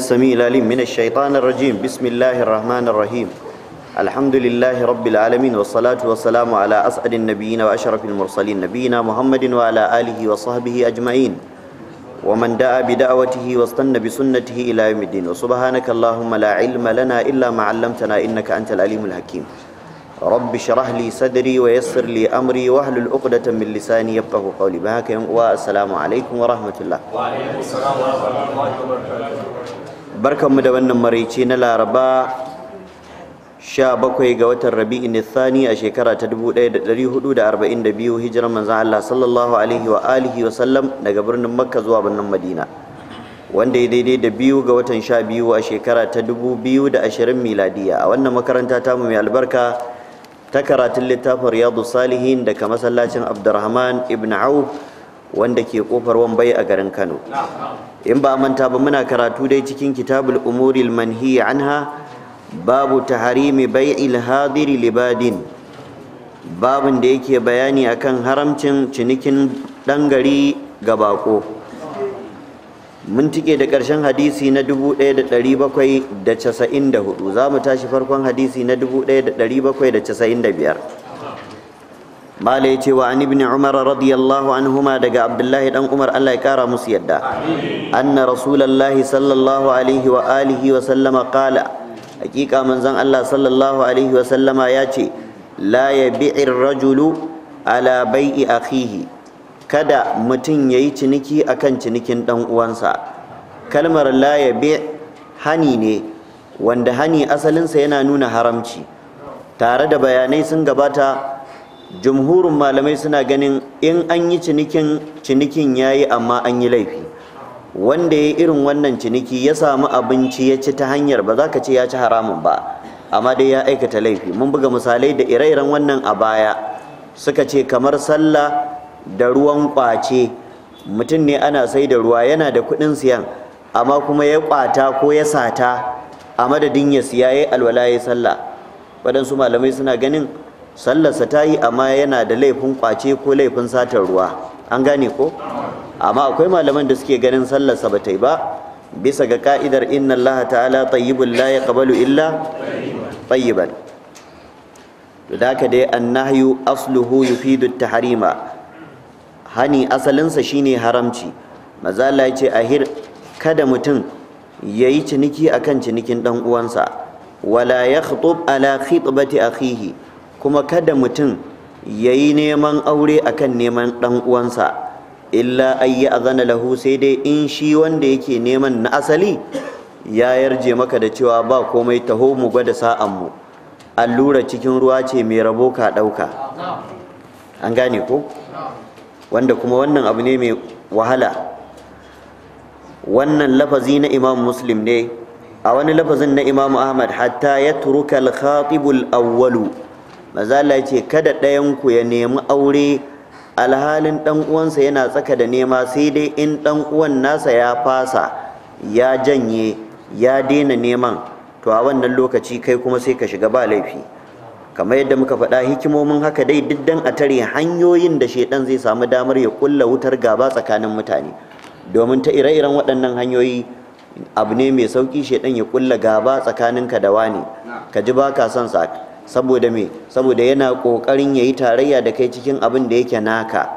السميع العليم من الشيطان الرجيم بسم الله الرحمن الرحيم الحمد لله رب العالمين والصلاة والسلام على أسعد النبيين وأشرف المرسلين نبينا محمد وعلى آله وصحبه أجمعين ومن دعا بدعوته واستنى بسنته إلى يوم الدين وسبحانك اللهم لا علم لنا إلا ما علمتنا إنك أنت العليم الحكيم rabbi shrah li sadri wa yassir li amri wa hlul uqdatan min lisani yafqahu qawli ba haka yan uwa assalamu alaikum wa rahmatullah wa alaikum assalam wa rahmatullahi wa barkanmu da wannan maraice na laraba 17 ga watan Rabi'in Thani a shekara ta 1442 hijirar manzon Allah sallallahu alaihi wa alihi wa sallam daga birnin Makka zuwa birnin Madina wanda ya daidai da biyu ga watan 12 a shekara ta 2020 miladiya a wannan makaranta tamu mai albarka ta karatun littafin riyadu salihin daga masallacin abdurrahman ibn auf wanda ke kofar wambai a garin kano in ba manta ba muna karatu dai cikin kitabul umuril manhi anha babu taharimi bai'il hadiri libadin babin da yake bayani akan haramcin cinikin ɗan gari ga bako mun tike da ƙarshen hadisi na 1794 za mu tashi farkon hadisi na 1795 mala ya ce wa an ibn umar radiyallahu anhuma daga abdullahi dan umar Allah ya kara musu yadda anna rasulullahi sallallahu alaihi wa alihi wa sallama qala hakika manzon Allah sallallahu alaihi wa sallama ya ce la yabi'ir rajulu ala bai'i akhihi kada mutum ya yi ciniki a kan cinikin ɗan'uwansa, kalmar la ya hani ne wanda hani asalinsa yana nuna haramci tare da bayanai sun gabata jumhurin malamai suna ganin in an yi cinikin cinikin ya yi amma an yi laifi wanda ya irin wannan ciniki ya samu abinci ya ci ta hanyar ba za ka ce ya ci haramun ba amma dai ya aikata laifi mun buga misalai da ire-iren wannan a baya suka ce kamar sallah da ruwan kwace mutum ne ana sai da ruwa yana da kuɗin siyan amma kuma ya kwata ko ya sata a madadin ya siya ya alwala ya sallah waɗansu malamai suna ganin sallarsa ta yi amma yana da laifin kwace ko laifin satar ruwa an gane ko amma akwai malaman da suke ganin sallarsa ba ta yi ba bisa ga ka'idar inna Allah ta'ala tayyibun la yaqbalu illa tayyiban to da haka dai annahyu asluhu yufidu at-tahrima hani asalinsa shine haramci Mazala ya ce ahir kada mutum ya yi ciniki akan cinikin dan uwansa wala yakhtub ala khitbati akhihi kuma kada mutum ya yi neman aure akan neman dan uwansa illa a zana lahu sai dai in shi wanda yake neman na asali ya yarje maka da cewa ba komai taho mu gwada sa'anmu. allura cikin ruwa ce mai rabo ka ɗauka. an gane ko wanda kuma wannan abu ne mai wahala wannan lafazi na imam muslim ne a wani lafazin na imam ahmad hatta ya turuka alkhatibul awwalu mazala ce kada ɗayan ku ya nemi aure alhalin ɗan uwansa yana tsaka da nema sai dai in ɗan uwan nasa ya fasa ya janye ya daina neman to a wannan lokaci kai kuma sai ka shiga ba laifi kamar yadda muka faɗa hikimomin haka dai duk dan a tare hanyoyin da shedan zai samu damar ya kulla wutar gaba tsakanin mutane domin ta ire-iren waɗannan hanyoyi abu ne mai sauki shedan ya kulla gaba tsakanin ka da wani ka ji ba ka son sa saboda me saboda yana kokarin yayi tarayya da kai cikin abin da yake naka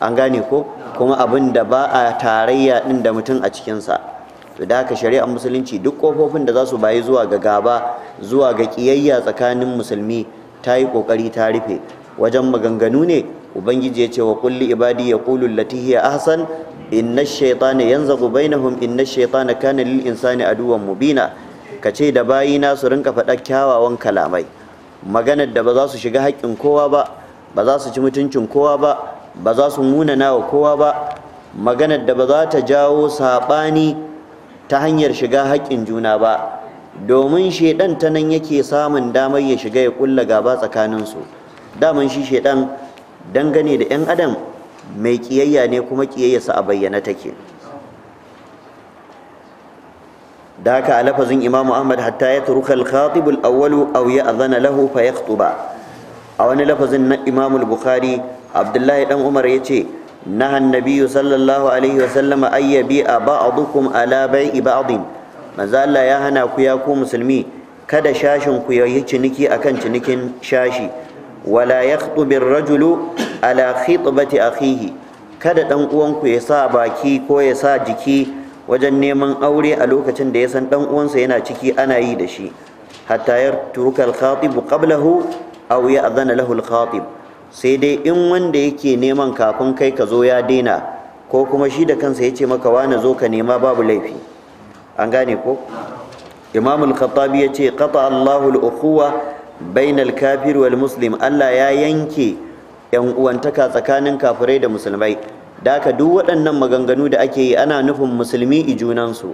an gane ko kuma abin da ba a tarayya din da mutum a cikinsa to da haka shari'ar musulunci duk kofofin da za su bayi zuwa ga gaba zuwa ga kiyayya tsakanin musulmi ta yi ƙoƙari ta rufe wajen maganganu ne ubangiji ya ce wa kulli ibadi ya kulu hiya ahsan inna ash-shaytana yanzagu bainahum inna ash-shaytana kana lil insani aduwwan mubina kace da bayina su rinka faɗa kyawawan kalamai maganar da ba za su shiga haƙƙin kowa ba ba za su ci mutuncin kowa ba ba za su munana wa kowa ba maganar da ba za ta jawo saɓani ta hanyar shiga haƙƙin juna ba domin shaiɗan ta nan yake samun damar ya shiga ya kulla gaba tsakaninsu daman shi shaiɗan dangane da 'yan adam mai kiyayya ne kuma kiyayyarsa a bayyana take da haka a lafazin imamu ahmad hatta ya turuka al-khatibul awwalu aw azana lahu fa yakhtuba a wani lafazin na imamu bukhari abdullahi dan umar yace nahan nabiyyu sallallahu alaihi wasallama ayyabi ba'dukum ala bai'i ba'din manzo Allah ya hana ku ya ku musulmi kada shashin ku yi ciniki akan cinikin shashi wala yakhtubu ar-rajulu ala khitbati akhihi kada dan uwanku ya sa baki ko ya sa jiki wajen neman aure a lokacin da ya san dan uwansa yana ciki ana yi da shi hatta yartuka al-khatib qablahu aw ya'dhana lahu al-khatib sai dai in wanda yake neman kafin kai ka zo ya daina ko kuma shi da kansa ya ce maka wane zo ka nema babu laifi an gane ko imam al-khattabi ya ce qata Allahu al-ukhuwa bainal kafir wal muslim Allah ya yanke yan uwantaka tsakanin kafirai da musulmai da duk waɗannan maganganu da ake yi ana nufin musulmi i junansu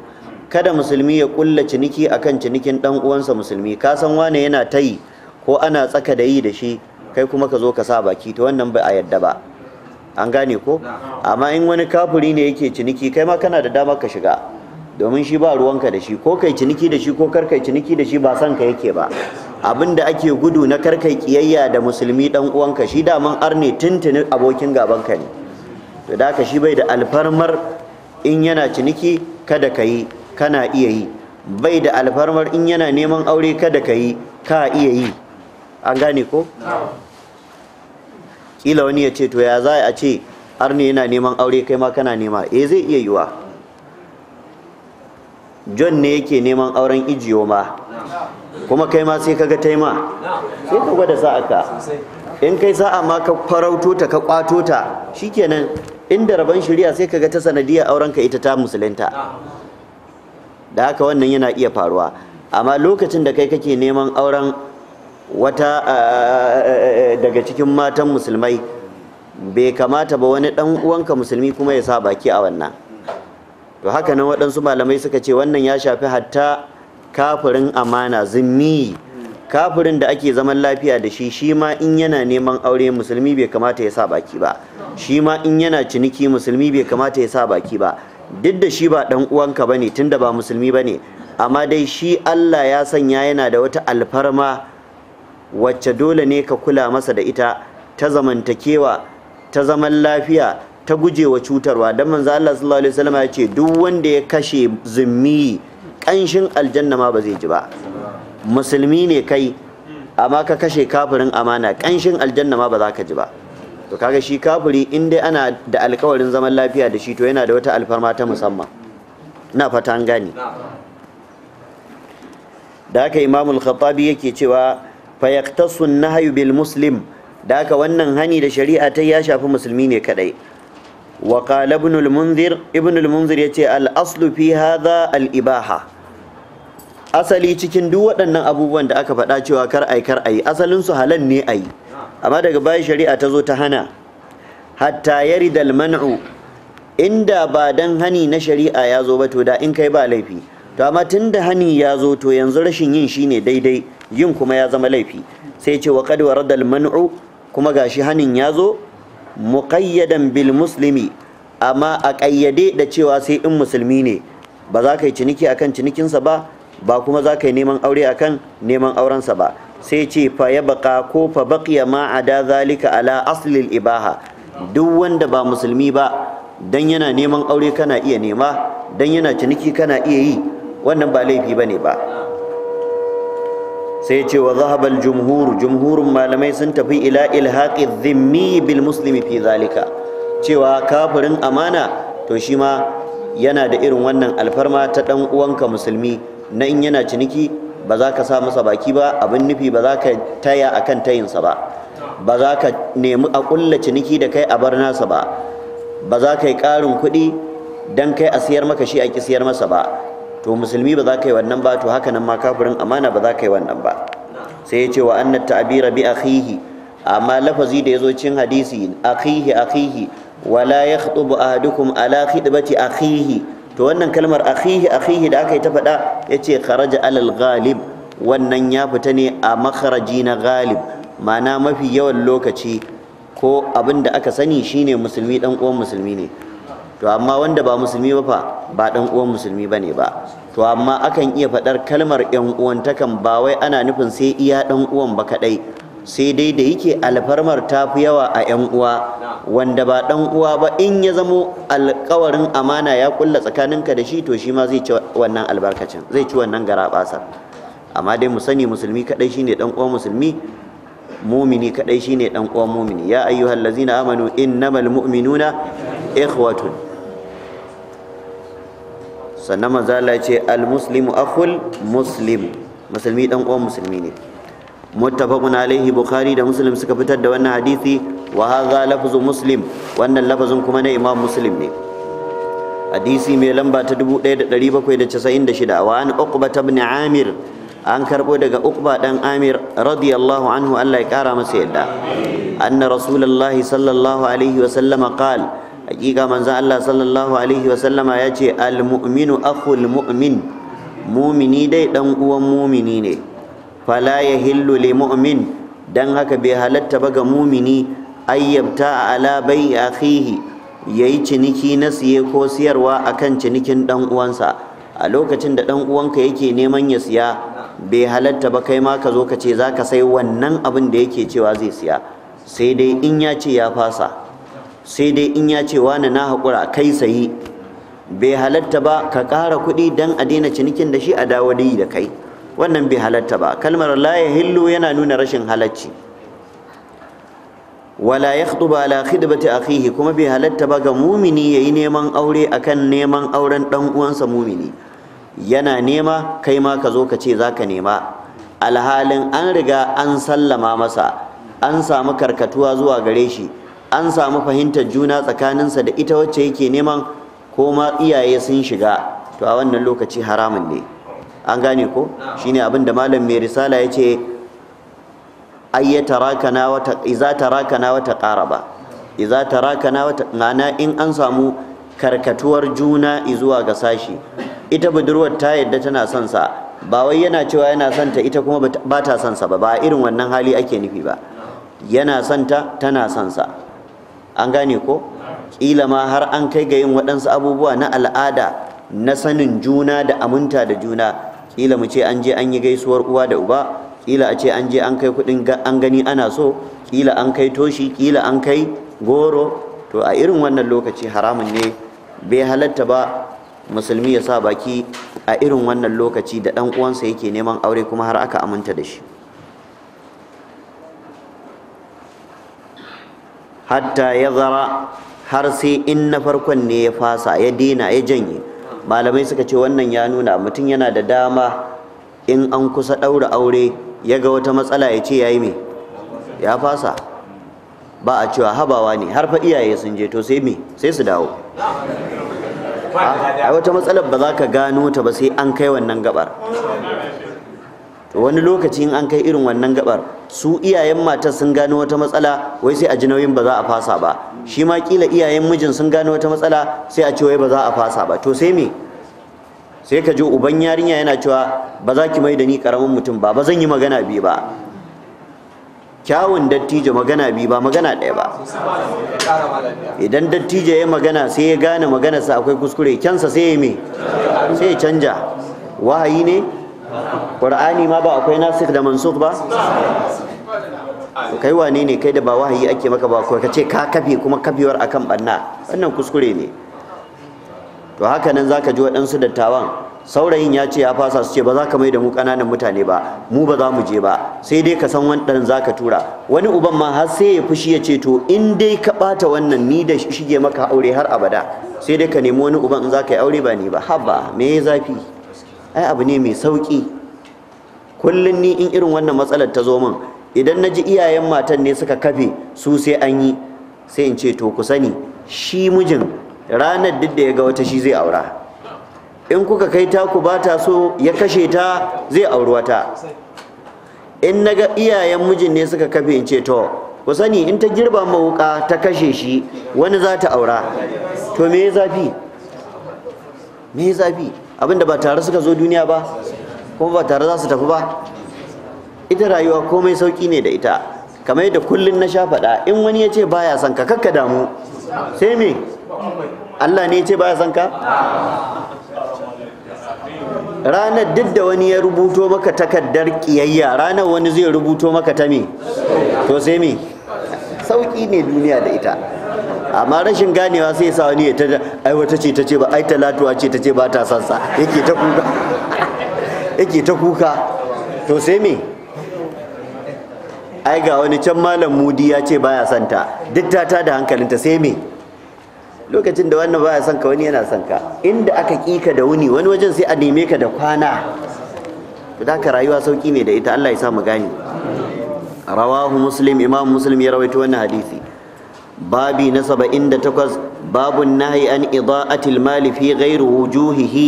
kada musulmi ya kulla ciniki akan cinikin dan uwansa musulmi ka san wane yana tayi yi ko ana tsaka da yi da shi kai kuma ka zo ka sa baki to wannan ba a yadda ba an gane ko amma in wani kafuri ne yake ciniki kai ma kana da dama ka shiga domin shi ba ruwanka da shi ko kai ciniki da shi ko kar kai ciniki da shi ba san ka yake ba abin da ake gudu na kar kai kiyayya da musulmi dan uwanka shi da mun arne tuntuni abokin gaban ka ne to da ka shi bai da alfarmar in yana ciniki kada ka yi kana iya yi bai da alfarmar in yana neman aure kada ka yi ka iya yi an gane ko kila wani ya ce to ya za a ce arne yana neman aure kai ma kana nema eh zai iya yiwa john ne yake neman auren ijiyo ma kuma kai ma sai kaga taima sai ka gwada sa'a ka in kai sa'a ma ka farauto ta ka kwato ta shikenan inda rabon shari'a sai kaga ta sanadiyar auren ka ita ta musulunta da haka wannan yana iya faruwa amma lokacin da kai kake neman auren wata daga cikin matan musulmai bai kamata ba wani dan uwanka musulmi kuma ya sa baki a wannan to haka nan waɗansu malamai suka ce wannan ya shafi hatta kafirin amana zimmi kafirin da ake zaman lafiya da shi shi ma in yana neman aure musulmi bai kamata ya sa baki ba shi ma in yana ciniki musulmi bai kamata ya sa baki ba duk da shi ba dan uwanka bane tunda ba musulmi bane amma dai shi Allah ya sanya yana da wata alfarma wacce dole ne ka kula masa da ita ta zamantakewa ta zaman lafiya ta gujewa cutarwa dan manzo Allah sallallahu alaihi wasallam ya ce duk wanda ya kashe zumi kanshin aljanna ma ba zai ji ba musulmi ne kai amma ka kashe kafirin amana kanshin aljanna ma ba za ka ji ba to kaga shi kafiri in dai ana da alkawarin zaman lafiya da shi to yana da wata alfarma ta musamman na fata an gane da haka al khattabi yake cewa fa yaqtasu an-nahyu bil muslim da haka wannan hani da shari'a ta ya shafi musulmi ne kadai وقال ابن المنذر ابن المنذر يتي الأصل في هذا الإباحة asali cikin duk waɗannan abubuwan da aka faɗa cewa kar ai kar ai asalin su halal ne ai amma daga baya shari'a ta zo ta hana hatta yarida al-man'u inda ba dan hani na shari'a ya zo ba to da in kai ba laifi to amma tunda hani ya zo to yanzu rashin yin shine daidai yin kuma ya zama laifi sai ce wa qad warada al-man'u kuma gashi hanin ya zo muƙayyadan bil muslimi amma a ƙayyade da cewa sai in musulmi ne ba za ka yi ciniki a kan cinikinsa ba ba kuma za ka yi neman aure akan neman aurensa ba sai ce fa ya baƙa ko fa baƙi ma ma'ada zalika ala aslil ibaha duk wanda ba musulmi ba dan yana neman aure kana iya nema dan yana ciniki kana iya yi wannan ba laifi ba ne ba sai ce wa zahabal jumhur jumhurun malamai sun tafi ila ilhaqi dhimmi bil muslimi fi zalika cewa kafirin amana to shi ma yana da irin wannan alfarma ta dan uwanka musulmi na in yana ciniki ba za ka sa masa baki ba abin nufi ba za ka taya akan tayinsa ba ba za ka nemi a kulla ciniki da kai a bar nasa ba ba za ka yi ƙarin kuɗi don kai a siyar maka shi a ƙi siyar masa ba to musulmi ba za ka yi wannan ba to haka nan ma kafirin amana ba za ka yi wannan ba sai ya ce wa annat ta'bira bi akhihi amma lafazi da yazo cikin hadisi akhihi akhihi wala yakhutubu ahadukum ala khidbati akhihi to wannan kalmar akhihi akhihi da aka yi ta faɗa yace kharaja alal ghalib wannan ya fita ne a makharaji na ghalib ma'ana mafi yawan lokaci ko abin da aka sani shine musulmi dan uwan musulmi ne to amma wanda ba musulmi ba fa ba dan uwan musulmi bane ba to amma akan iya faɗar kalmar yan kan ba wai ana nufin sai iya dan uwan ba kadai sai dai da yake alfarmar ta fi yawa a yan uwa wanda ba dan uwa ba in ya zamo alkawarin amana ya kulla tsakaninka da shi to shi ma zai ci wannan albarkacin zai ci wannan garabasar amma dai mu sani musulmi kadai shine dan uwan musulmi mumini kadai shine dan uwan mumini ya ayyuhallazina amanu innamal mu'minuna ikhwatun sannan manzala ce al-muslimu akhul muslim musulmi dan uwan musulmi ne muttafaqun alaihi bukhari da muslim suka fitar da wannan hadisi wa hadha lafzu muslim wannan lafazin kuma na imam muslim ne hadisi mai lamba ta 1796 wa an uqba ibn amir an karbo daga uqba dan amir radiyallahu anhu Allah ya kara masa yadda anna rasulullahi sallallahu alaihi wa sallama qala hakika manzon Allah sallallahu alaihi wasallama ya ce almu'minu akhul mu'min mumini dai dan uwan mumini ne fala yahillu li mu'min dan haka bai halatta ba ga mumini ayyabta ala bai akhihi yayi ciniki na siye ko siyarwa akan cinikin dan uwansa a lokacin da dan uwanka yake neman ya siya bai halatta ba kai ma ka zo ka ce zaka sai wannan abin da yake cewa zai siya sai dai in ya ce ya fasa sai dai in ya ce wani na haƙura kai sayi bai halatta ba ka ƙara kuɗi don a daina cinikin da shi a dawo da da kai wannan bai halatta ba kalmar la ya yana nuna rashin halacci wala ya ba ala khidbati akhihi kuma bai halatta ba ga mumini yayi neman aure akan neman auren dan uwansa mumini yana nema kai ma ka zo ka ce zaka nema alhalin an riga an sallama masa an samu karkatuwa zuwa gare shi an samu fahimtar juna tsakaninsa da ita wacce yake neman ko ma iyaye sun shiga to a wannan lokaci haramun ne an gane ko shine abin da malam mai risala ya ce rakana wata iza tarakana wata qaraba iza tarakana wata ƙana in an samu karkatuwar juna izuwa ga sashi ita budurwar ta yadda tana son sa ba wai yana cewa yana son ta ita kuma ba ta son sa ba ba irin wannan hali ake nufi ba yana son ta tana son sa an gane ko ƙila ma har an kai ga yin waɗansu abubuwa na al'ada na sanin juna da aminta da juna ƙila mu ce an je an yi gaisuwar uwa da uba ƙila a ce an je an kai kuɗin an gani ana so ƙila an kai toshi ƙila an kai goro to a irin wannan lokaci haramun ne bai halatta ba musulmi ya sa baki a irin wannan lokaci da ɗan uwansa yake neman aure kuma har aka aminta da shi hatta ya zara har sai in na farkon ne ya fasa ya dina ya janye malamai suka ce wannan ya nuna mutum yana da dama in an kusa ɗaura aure ya ga wata matsala ya ce ya yi me ya fasa ba a cewa habawa ne har fa iyaye sun je to sai me sai su dawo a wata matsalar ba za ka gano ta ba sai an kai wannan gabar wani lokaci in an kai irin wannan gabar su iyayen matar sun gano wata matsala wai sai a ji nauyin ba za a fasa ba shi ma kila iyayen mijin sun gano wata matsala sai a ce wai ba za a fasa ba to sai me sai ka ji uban yarinya yana cewa ba za ki mai da ni karamin mutum ba ba zan yi magana biyu ba kyawun dattijo magana biyu ba magana ɗaya ba idan dattijo ya magana sai ya gane maganarsa akwai kuskure kyansa sai ya me sai ya canja wahayi ne qur'ani ma ba akwai nasikh da mansukh ba kai wane ne kai da ba wahayi ake maka ba ka ce ka kafe kuma kafewar akan banna wannan kuskure ne to haka nan zaka ji waɗansu dattawan saurayin ya ce ya fasa su ce ba za ka mai da mu kananan mutane ba mu ba za mu je ba sai dai ka san wannan za ka tura wani uban ma har sai ya fushi ya ce to in dai ka bata wannan ni da shige maka aure har abada sai dai ka nemi wani uban in za ka yi aure ba ni ba haba me zafi ai abu ne mai sauki kullun ni in irin wannan matsalar ta zo min idan naji iyayen matan ne suka kafe su sai an yi sai in ce to ku sani shi mijin ranar duk da ya ga wata shi zai aura in kuka kai ta ku bata so ya kashe ta zai auri wata in naga iyayen mijin ne suka kafe in ce to ku sani in ta girba mawuka ta kashe shi wani za ta aura to me zafi me zafi Abin da ba tare suka zo duniya ba kuma ba tare za su tafi ba ita rayuwa komai sauki ne da ita kamar yadda kullun na sha faɗa in wani ya ce baya son ka kakka damu sai me Allah ne ya ce baya son ka ranar duk da wani ya rubuto maka takardar kiyayya ranar wani zai rubuto maka ta me to sai me sauki ne duniya da ita amma rashin ganewa sai sa wani ya ta ai wata ce ta ce ba ai talatuwa ce ta ce ba ta sansa. yake ta kuka yake ta kuka to sai me ai ga wani can malam mudi ya ce baya son ta duk ta ta da hankalinta sai me lokacin da wannan baya son ka wani yana son ka inda aka kika da wuni wani wajen sai a neme ka da kwana to da ka rayuwa sauki ne da ita Allah ya sa mu gani rawahu muslim imam muslim ya rawaito wannan hadisi babi na 78 babun nahyi an ida'atil mali fi ghairi wujuhihi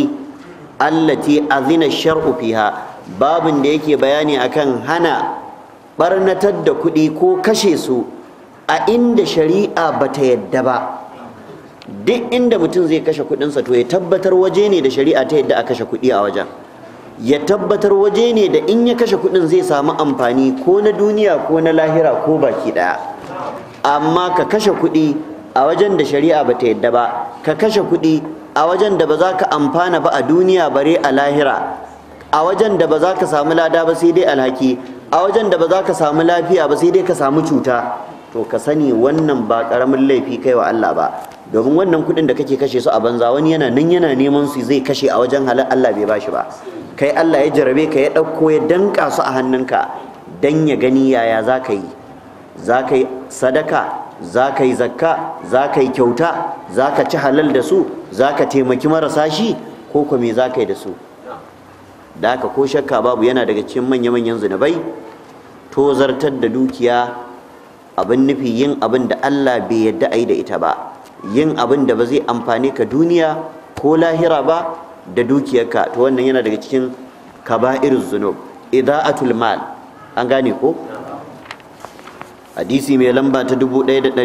allati azina shar'u fiha babun da yake bayani akan hana ɓarnatar da kuɗi ko kashe su a inda shari'a bata yadda ba duk inda mutum zai kashe kuɗinsa to ya tabbatar waje ne da shari'a ta yadda a kashe kuɗi a wajen ya tabbatar waje ne da in ya kashe kuɗin zai samu amfani ko na duniya ko na lahira ko baki ɗaya amma ka kashe kuɗi a wajen da shari'a ba ta yadda ba ka kashe kuɗi a wajen da ba za ka amfana ba a duniya bare a lahira a wajen da ba za ka samu lada ba sai dai alhaki a wajen da ba za ka samu lafiya ba sai dai ka samu cuta to ka sani wannan ba karamin laifi kai wa Allah ba domin wannan kuɗin da kake kashe su a banza wani yana nan yana neman su zai kashe a wajen halal Allah bai bashi ba kai Allah ya jarabe ka ya ɗauko ya danƙa su a hannunka dan ya gani yaya za ka yi za ka yi sadaka za ka yi zakka za ka yi kyauta za ka ci halal da su za ka taimaki marasa shi ko kuma me za ka yi da su da haka ko shakka babu yana daga cikin manya-manyan zunubai to zartar da dukiya abin nufi yin abin da Allah bai yadda a yi da ita ba yin abin da ba zai amfane ka duniya ko lahira ba da dukiyarka ta wannan yana daga cikin kaba'ir zunub ida'atul mal an gane ko hadisi mai lamba ta 1797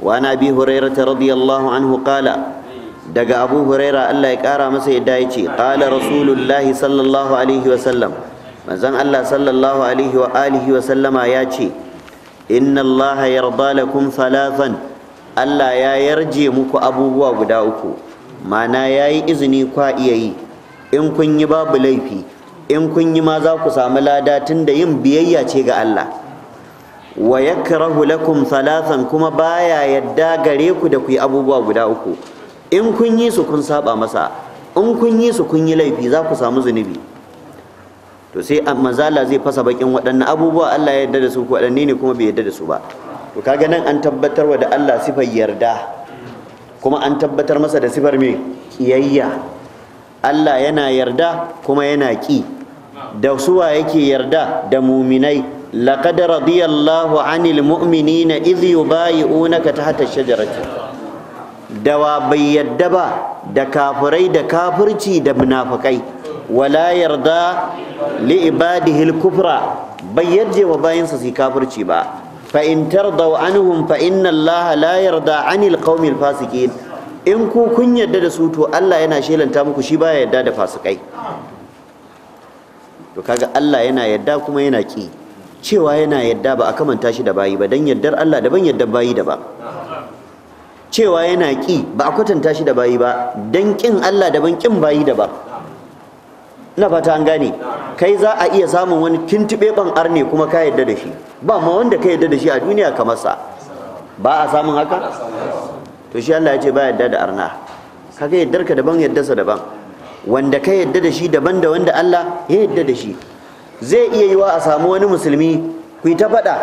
wa ana bi hurairah radiyallahu anhu qala daga abu huraira Allah ya kara masa yadda ya ce qala rasulullahi sallallahu alaihi wa sallam manzon Allah sallallahu alaihi wa alihi wa sallama ya ce inna Allah yarda lakum thalathan Allah ya yarje muku abubuwa guda uku mana ya yi izini kwa iya yi in kun yi babu laifi in kun yi ma za ku samu lada tun da yin biyayya ce ga Allah wa kira lakum salasan kuma baya yadda gare ku da ku yi abubuwa guda uku in kun yi su kun saba masa in kun yi su kun yi laifi za ku samu zunubi to sai mazala zai fasa bakin waɗannan abubuwa Allah ya yarda da su waɗanne ne kuma bai yarda da su ba to kaga nan an tabbatar wa da Allah sifar yarda kuma an tabbatar masa da sifar mai kiyayya Allah yana yarda kuma yana ki da suwa yake yarda da muminai laqad radiyallahu anil mu'minina idh yubayi'unaka tahta shajarati dawa bai yadda ba da kafirai da kafirci da munafikai wala yarda li ibadihi al-kufra bai yarje wa bayansa su kafirci ba fa in tardaw anhum fa inna Allah la yarda anil qaumil fasiqin in ku kun yarda da su to Allah yana shelanta muku shi baya yarda da fasikai to kaga Allah yana yarda kuma yana ki cewa yana yarda ba a kamanta shi da bayi ba dan yardar Allah daban yardar bayi ba. cewa yana ki ba a kwatanta shi da bayi ba dan kin Allah daban kin bayi ba. na fata an gane kai za a iya samun wani tuntube ban arne kuma ka yadda da shi ba ma wanda ka yadda da shi a duniya kamar sa ba a samun haka to shi Allah ya ce ba yadda da arna kaga yaddar ka daban yadda sa daban wanda ka yadda da shi daban da wanda Allah ya yadda da shi zai iya yiwa a samu wani musulmi ku yi ta faɗa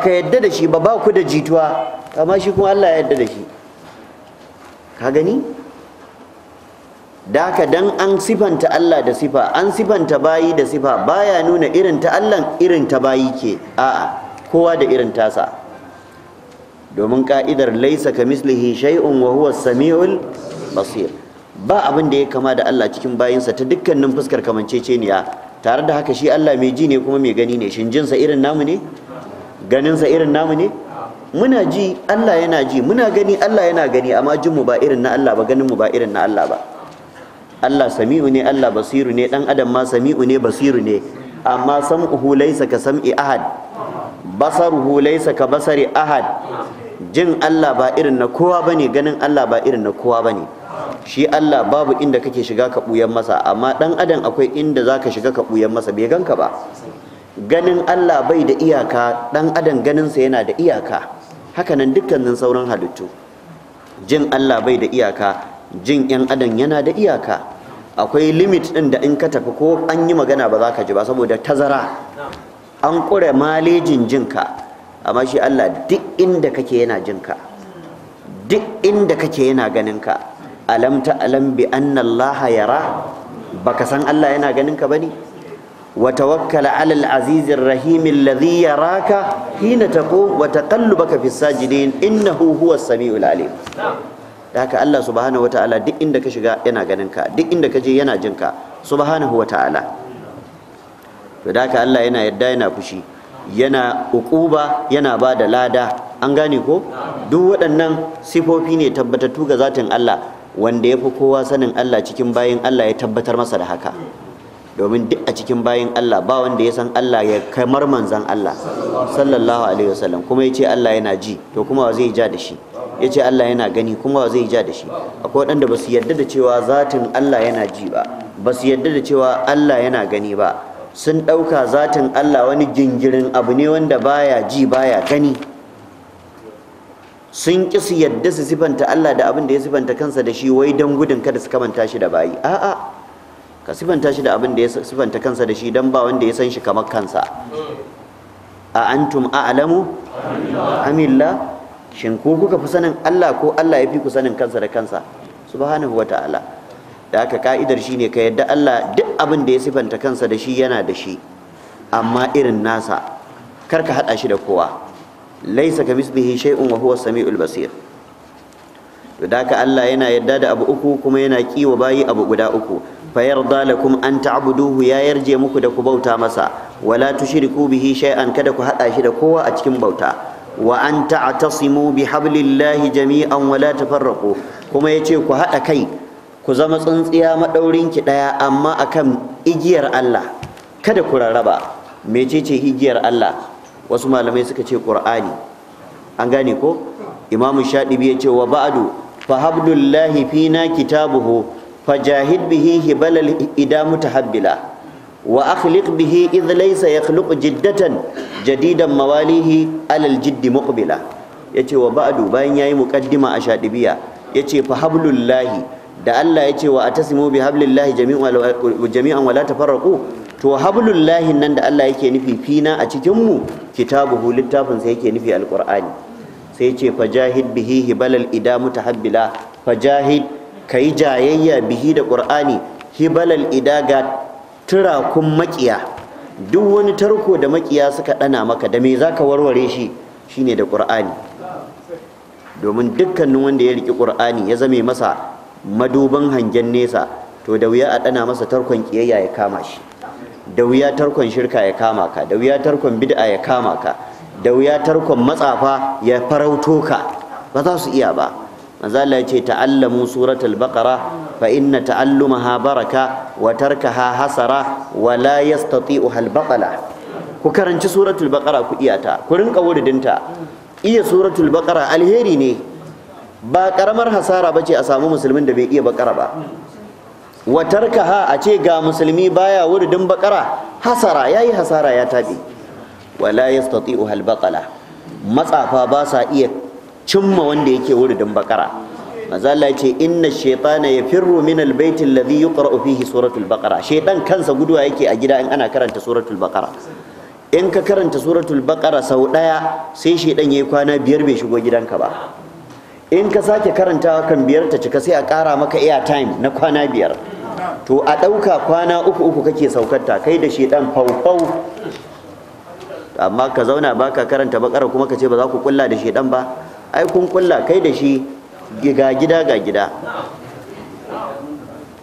ka yadda da shi ba ba ku da jituwa amma shi kuma Allah ya yadda da shi ka gani da haka dan an sifanta Allah da sifa an sifanta bayi da sifa baya nuna irin ta Allah irin ta bayi ke a'a kowa da irin tasa domin ka'idar laisa kamislihi shay'un wa huwa samiul basir ba abin da ya kama da Allah cikin bayinsa ta dukkanin fuskar kamanceceniya tare da haka shi Allah mai ji ne kuma mai gani ne shin jinsa irin namu ne ganinsa irin namu ne muna ji Allah yana ji muna gani Allah yana gani amma jinmu ba irin na Allah ba ganinmu ba irin na Allah ba Allah sami'u ne Allah basiru ne dan adam ma sami'u ne basiru ne amma sam'uhu laysa ka sam'i ahad basaruhu laysa ka basari ahad jin Allah ba irin na kowa bane ganin Allah ba irin na kowa bane shi Allah babu inda kake shiga ka buyan masa amma dan adam akwai inda zaka shiga ka buyan masa bai ganka ba ganin Allah bai da iyaka dan adam sa yana da iyaka hakanan dukkanin sauran halittu jin Allah bai da iyaka jin 'yan adam yana da iyaka akwai limit ɗin da in ka tafi ko an yi magana ba za ka ji ba saboda tazara an ƙure malejin jinka amma shi Allah duk inda kake yana jinka duk inda kake yana ganinka alam ta alam bi anna Allah yara baka san Allah yana ganinka bane wa tawakkala ala al-aziz ar-rahim alladhi yaraka hina taqum wa taqallubaka fis sajidin innahu huwas samiul alim da haka Allah subhanahu ta'ala duk inda ka shiga yana ganin ka duk inda ka je yana jin ka subhanahu ta'ala to da haka Allah yana yadda yana fushi yana ukuba yana ba da lada an gane ko duk waɗannan sifofi ne tabbatattu ga zatin Allah wanda ya fi kowa sanin Allah cikin bayin Allah ya tabbatar masa da haka domin duk a cikin bayin Allah ba wanda ya san Allah ya kamar manzan Allah sallallahu alaihi wasallam kuma ya ce Allah yana ji to kuma wa zai ja da shi ya ce Allah yana gani kuma zai ja da shi akwai waɗanda ba su yarda da cewa zatin Allah yana ji ba ba su yarda da cewa Allah yana gani ba sun ɗauka zatin Allah wani gingirin abu ne wanda baya ji baya gani sun ƙi su yadda su sifanta Allah da abin da ya sifanta kansa da shi wai don gudun kada su kamanta shi da bayi a'a ka sifanta shi da abin da ya sifanta kansa da shi don ba wanda ya san shi kamar kansa a antum a'lamu amillah shin ku kuka fi sanin Allah ko Allah ya fi ku sanin kansa da kansa subhanahu wa ta'ala. da haka ka'idar ne ka yadda Allah duk abin da ya sifanta kansa da shi yana da shi amma irin nasa kar ka hada shi da kowa laisa ka mislihi shay'un wa huwa samiul basir to da haka Allah yana yadda da abu uku kuma yana kiwa bayi abu guda uku yarda lakum an ta'buduhu ya yarje muku da ku bauta masa wala tushriku bihi shay'an kada ku haɗa shi da kowa a cikin bauta wa an ta'tasimu bihablillahi jami'an wala ta tafarraqu kuma yace ku haɗa kai ku zama tsintsiya maɗaurin ki ɗaya. amma akan igiyar Allah kada ku rarraba ce igiyar Allah wasu malamai suka ce ƙur'ani an gane ko Imam Shadibi yace wa ba'adu, fa hablullahi fina kitabuhu fajahid bihihi balal idamu tahabbila wa akhliq bihi idh laysa yakhluqu jiddatan jadidan mawalihi alal jiddi muqbila yace wa ba'du bayan yayi muqaddima a shadibiya yace fa hablullahi da Allah yace wa atasimu bi hablillahi jami'an wa la tafarraqu to hablullahi nan da Allah yake nufi fina a cikin mu kitabuhu littafin sa yake nufi alqur'ani sai yace fajahid bihi hibalal idamu fa fajahid kai jayayya bihi da qur'ani hibalal idaga turakun makiya duk wani tarko da makiya suka ɗana maka da me za ka warware shi shine da ƙur'ani domin dukkanin wanda ya riki ƙur'ani ya zame masa madubin hangen nesa to da wuya a ɗana masa tarkon ƙiyayya ya kama shi da wuya tarkon shirka ya kama ka da wuya tarkon bid'a ya kama ka da wuya tarkon matsafa ya farauto ka ba za su iya ba manzo Allah ya ce ta'allamu suratul baqara fa inna ta'allumaha baraka wa tarkaha hasara wa la yastati'uha al-baqala ku karanci suratul baqara ku iya ta ku rinka wuridinta iya suratul baqara alheri ne ba karamar hasara bace a samu musulmin da bai iya baqara ba wa tarkaha a ce ga musulmi baya wuridin baqara hasara yayi hasara ya tabi wala yastati'uha al-baqala matsafa ba sa iya cimma wanda yake wuridin bakara maza Allah ya ce inna shaytana yafirru min albayti alladhi yuqra'u fihi suratul baqara shaytan kansa guduwa yake a gida in ana karanta suratul baqara in ka karanta suratul baqara sau daya sai shaytan yayi kwana biyar bai shigo gidanka ba in ka sake karantawa kan biyar ta cika sai a kara maka iya time na kwana biyar to a dauka kwana uku uku kake saukarta kai da shaytan faufau amma ka zauna baka karanta bakara kuma ka ce ba za ku kulla da shaytan ba ai kun kulla kai da shi ga gida ga gida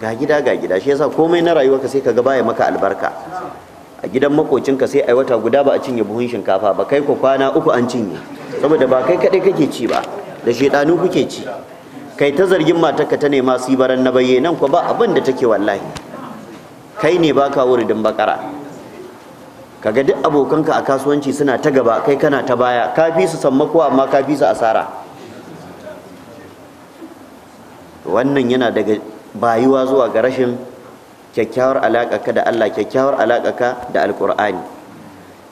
ga gida ga gida shi yasa komai na rayuwarka sai ka ga baya maka albarka a gidan makocinka sai ai wata guda ba a cinye buhun shinkafa ba kai kwakwana kwana uku an cinye saboda ba kai kadai kake ci ba da shedanu kuke ci kai ta zargin matarka ta nema sibaran na bayyana nan ko ba abin da take wallahi kai ne baka wuridin bakara kaga duk abokanka a kasuwanci suna ta gaba kai kana ta baya ka fi su sammako amma ka fi su asara wannan yana daga bayuwa zuwa ga rashin kyakkyawar ka da Allah kyakkyawar ka da alƙur'ani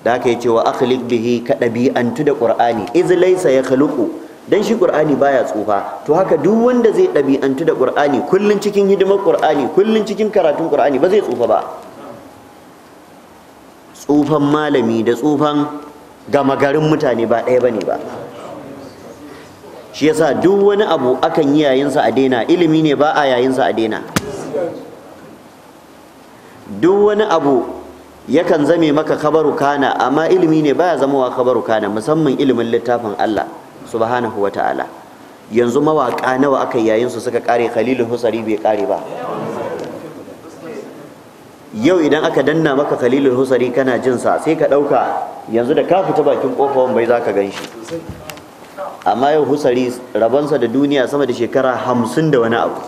da aka yi cewa akhliq bihi ka ɗabi'antu da qur'ani iz laysa khaluqu dan shi qur'ani baya tsufa to haka duk wanda zai ɗabi'antu da qur'ani kullun cikin hidimar ƙur'ani, kullun cikin karatun ƙur'ani, ba zai tsufa ba tsufan malami da tsufan gama garin mutane ba ɗaya bane ba shi yasa duk wani abu akan yi yayinsa a daina ilimi ne ba a yayinsa a daina duk wani abu yakan zame maka kabaru kana amma ilimi ne baya zama kabaru kana musamman ilimin littafin Allah subhanahu ta'ala. yanzu mawaƙa nawa aka yayin su suka kare Khalilu Husari bai kare ba yau idan aka danna maka khalilul husari kana jin sa sai ka dauka yanzu da ka fita bakin kofar bai zaka ganshi amma yau husari rabonsa da duniya sama da shekara hamsin da wani abu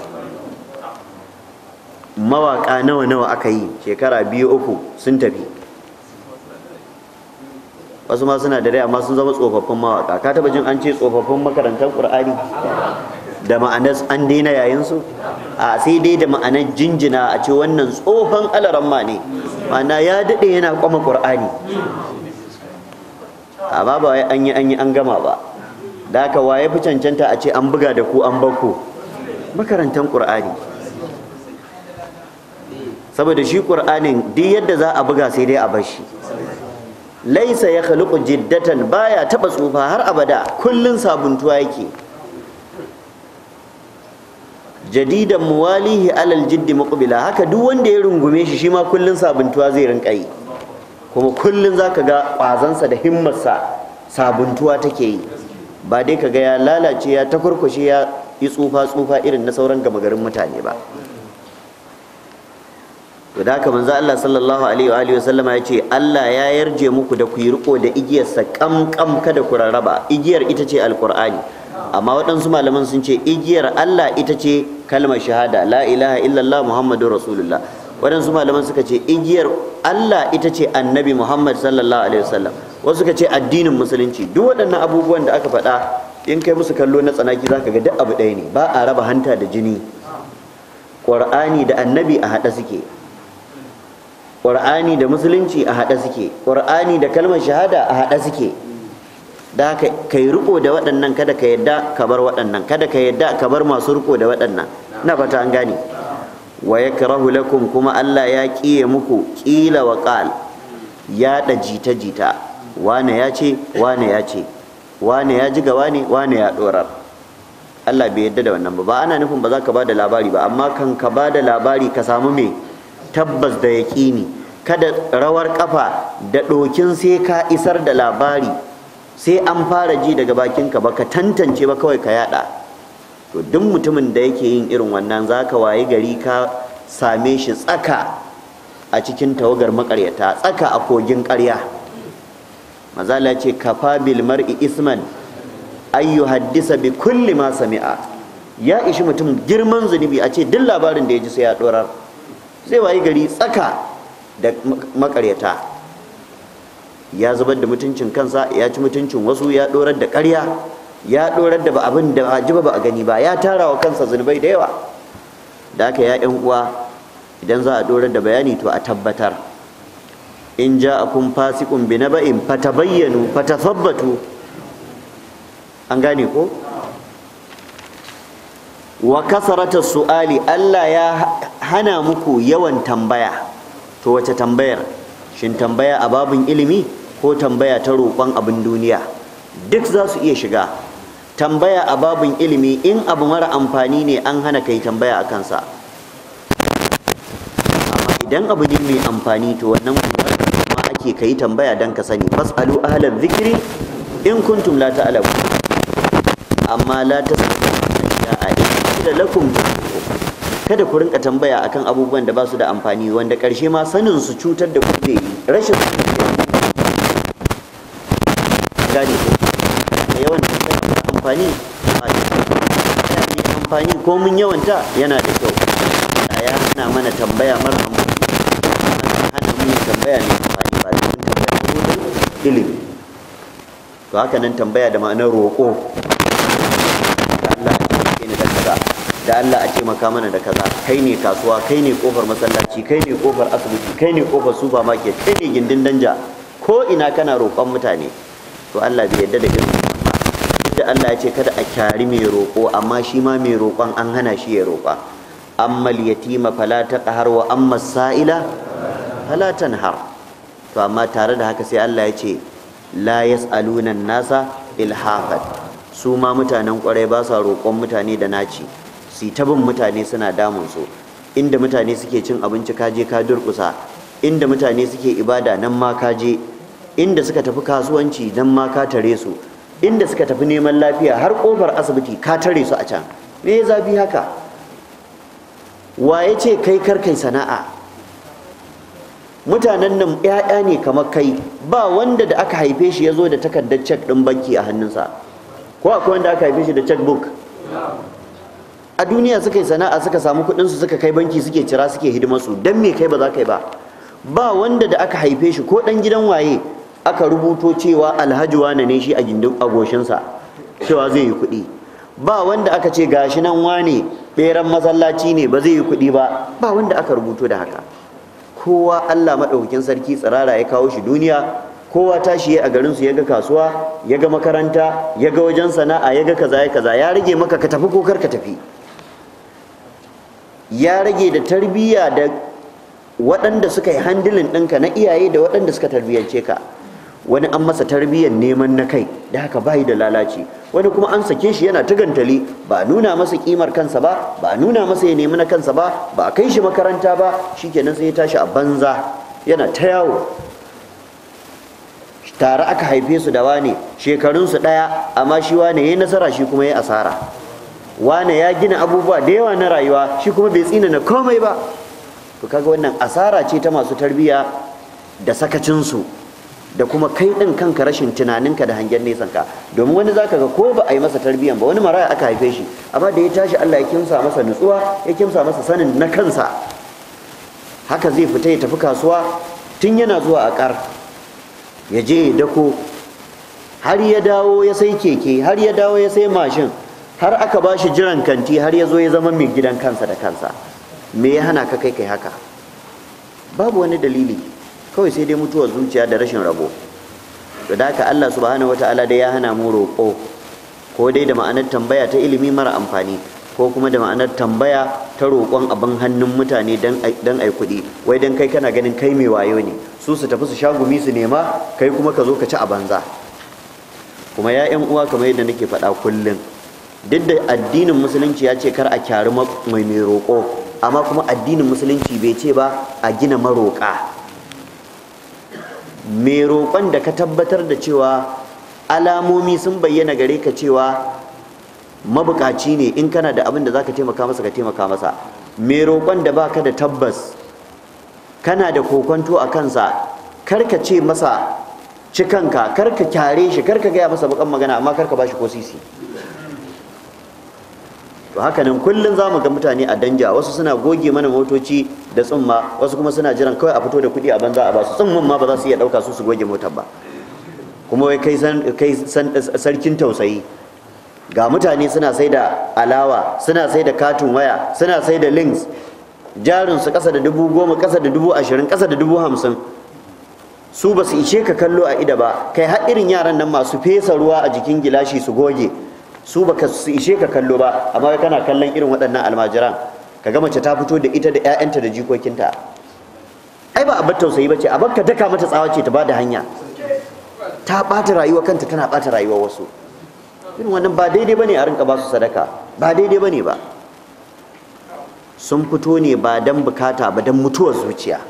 mawaka nawa nawa aka yi shekara biyu uku sun tafi wasu ma suna da rai amma sun zama tsofaffin mawaka ka taba jin an ce tsofaffin makarantar qur'ani da ma'anar an daina yayin su a sai dai da ma'anar jinjina a ce wannan tsohon alaramma ne ma'ana ya daɗe yana kwama ƙwar'ani amma ba wai an yi an yi an gama ba da aka waye fi cancanta a ce an buga da ku an bako makarantan ƙwar'ani saboda shi ƙur'anin duk yadda za a buga sai dai a bashi. shi laisa ya khaliqu jiddatan baya taba tsufa har abada kullun sabuntuwa yake jadidan muwalihi alal jiddi muqbila haka duk wanda ya rungume shi shi ma kullun sabuntuwa zai rinka yi kuma kullun zaka ga ƙwazansa da himmarsa sabuntuwa take yi ba dai ka ga ya lalace ya takurkushe ya yi tsufa tsufa irin na sauran gama garin mutane ba to da haka manzo Allah sallallahu alaihi wa alihi wasallama yace Allah ya yarje muku da ku yi riko da igiyarsa kam kam kada ku rarraba igiyar ita ce alqur'ani amma waɗansu malaman sun ce igiyar Allah ita ce kalmar shahada la ilaha illallah muhammadur rasulullah waɗansu malaman suka ce igiyar Allah ita ce annabi Muhammad sallallahu alaihi wasallam wasu suka ce addinin musulunci duk waɗannan abubuwan da aka faɗa in kai musu kallo na tsanaki zaka ga duk abu ɗaya ne ba a raba hanta da jini Qur'ani da annabi a haɗa suke Qur'ani da musulunci a haɗa suke Qur'ani da kalmar shahada a haɗa suke da haka ka yi riko da waɗannan kada ka yadda ka bar waɗannan kada ka yadda ka bar masu riko da waɗannan na fata an gane wa yakrahu lakum kuma Allah ya kiye muku ƙila wa qal ya da jita jita wane ya ce wane ya ce wane ya ji gawa ne wane ya dorar Allah bai yadda da wannan ba ba ana nufin ba za ka ba da labari ba amma kan ka ba da labari ka samu me tabbas da yaƙini kada rawar kafa da ɗokin sai ka isar da labari sai an fara ji daga bakinka ba ka tantance ba kawai ka yada to duk mutumin da yake yin irin wannan zaka wayi gari ka same shi tsaka a cikin tawagar makaryata tsaka a kogin ƙarya mazala ce kafa bil mar'i isman ayyu haddisa bi kulli ma sami'a ya ishi mutum girman zunubi a ce duk labarin da ya ji sai ya dorar sai wayi gari tsaka da makaryata ya zubar da mutuncin kansa ya ci mutuncin wasu ya dorar da ƙarya ya dorar da ba abin da ba ba a gani ba ya tara wa kansa zunubai da yawa da aka ya ƴan uwa idan za a dorar da bayani to a tabbatar in ja a ba'in fata bayyanu fata sabbatu. an gane ko wa kasarata su'ali Allah ya hana muku yawan tambaya to wace tambayar shin tambaya a babin ilimi ko tambaya ta roƙon abin duniya duk za su iya shiga tambaya a babin ilimi in abu mara amfani ne an hana kai tambaya a kansa amma idan abu ne mai amfani to wannan kuma ake kai tambaya don ka sani fasalu ahlan zikiri in kuntum la ta'lamu amma la tasbihu da lakum kada ku rinka tambaya akan abubuwan da ba su da amfani wanda karshe ma sanin su cutar da ku ne rashin amfani ba yana da amfani ko mun yawanta yana da kyau ya hana mana tambaya mara amfani hana mu tambaya amfani ba da tambaya ko ilimi to haka nan tambaya da ma'anar roƙo da Allah a taimaka mana da kaza kai ne kasuwa kai ne kofar masallaci kai ne kofar asibiti kai ne kofar supermarket kai ne gindin danja ko ina kana roƙon mutane to Allah bai yarda da irin da Allah ya ce kada a kyari mai roƙo amma shi ma mai roƙon an hana shi ya roƙa ammal yatima fala taqhar wa amma sa'ila fala tanhar to amma tare da haka sai Allah ya ce la yas'aluna nasa ilhafat su ma mutanen kwarai ba sa roƙon mutane da naci su ta bin mutane suna damun su inda mutane suke cin abinci ka je ka durƙusa inda mutane suke ibada nan ma ka je inda suka tafi kasuwanci nan ma ka tare su inda suka tafi neman lafiya har kofar asibiti ka tare su a can me ya zafi haka waye ce kai karkai sana'a mutanen nan 'ya'ya ne kamar kai ba wanda da aka haife shi ya zo da takardar cek ɗin banki a hannunsa ko akwai wanda aka haife shi da checkbook a duniya suka yi sana'a suka samu kuɗinsu suka kai banki suke cira suke hidimar su, dan me kai ba za ka yi ba ba wanda da aka haife shi ko ɗan gidan waye aka rubuto cewa alhaji wane ne shi a gindin agoshinsa cewa zai yi kuɗi ba wanda aka ce gashi nan wane ɓeran masallaci ne ba zai yi kuɗi ba ba wanda aka rubuto da haka kowa Allah maɗaukakin sarki tsirara ya kawo shi duniya kowa tashi a garin su ga kasuwa ya ga makaranta ya ga wajen sana'a ya ga kaza ya kaza ya rage maka ka tafi ko kar ka tafi ya rage da tarbiyya da waɗanda suka yi handilin ɗinka na iyaye da waɗanda suka tarbiyyance ka wani an masa tarbiyyar neman na kai da haka bai da lalaci wani kuma an sake shi yana ta gantali ba nuna masa kimar kansa ba ba a nuna masa ya nemi na kansa ba ba kai shi makaranta ba shikenan sai ya tashi a banza yana ta yawo tare aka haife su da wane shekarunsu ɗaya amma shi wane ya nasara shi kuma ya asara wane ya gina abubuwa da yawa na rayuwa shi kuma bai tsina na komai ba to kaga wannan asara ce ta masu tarbiyya da sakacinsu da kuma kai din kanka rashin tunaninka da hangen nesan ka domin wani zaka ga ko ba a yi masa tarbiyyan ba wani maraya aka haife shi amma da ya tashi Allah ya kimsa masa nutsuwa ya kimsa masa sanin na kansa haka zai fita ya tafi kasuwa tun yana zuwa a kar ya je ya dako har ya dawo ya sai keke har ya dawo ya sai mashin har aka ba shi jiran kanti har ya zo ya zama mai gidan kansa da kansa me ya hana ka kai kai haka babu wani dalili kawai sai dai mutuwar zuciya da rashin rabo da haka Allah subhanahu wataala da ya hana mu roƙo ko dai da ma'anar tambaya ta ilimi mara amfani ko kuma da ma'anar tambaya ta roƙon abin hannun mutane don ai kuɗi wai don kai kana ganin kai mai wayo ne su su tafi su sha gumi su nema kai kuma ka zo ka ci a banza kuma ya yan uwa kamar yadda nake faɗa kullum duk da addinin musulunci ya ce kar a kyari mai roƙo amma kuma addinin musulunci bai ce ba a gina maroƙa mai roƙon da ka tabbatar da cewa alamomi sun bayyana gare ka cewa mabukaci ne in kana da abin da za ka taimaka masa ka taimaka masa mai roƙon da baka da tabbas kana da kokonto a kansa karka ce masa cikanka karka kyare shi karka gaya masa bakan magana amma karka shi ko sisi to haka nan kullum za mu ga mutane a danja wasu suna goge mana motoci da tsumma wasu kuma suna jiran kawai a fito da kuɗi a banza a basu tsumman ma ba za su iya ɗauka su su goge mota ba kuma wai kai eh, sarkin tausayi ga mutane suna sai da alawa suna sai da katin waya suna sai da links jarinsu ƙasa da dubu goma ƙasa da dubu ashirin ƙasa da dubu hamsin su ba su ishe ka kallo a ida ba kai har irin yaran nan masu fesa ruwa a jikin gilashi su goge su baka su ishe ka kallo ba amma kana kallon irin waɗannan almajiran Ka ga mace ta fito da ita da 'ya'yanta da jikokinta ai ba bar tausayi bace bar ka daka mata tsawa ce ta bada hanya ta ɓata rayuwa kanta tana ɓata rayuwar wasu irin wannan ba daidai ba ne a rinka ba su sadaka ba daidai ba ne ba sun fito ne ba dan bukata ba don mutuwar zuciya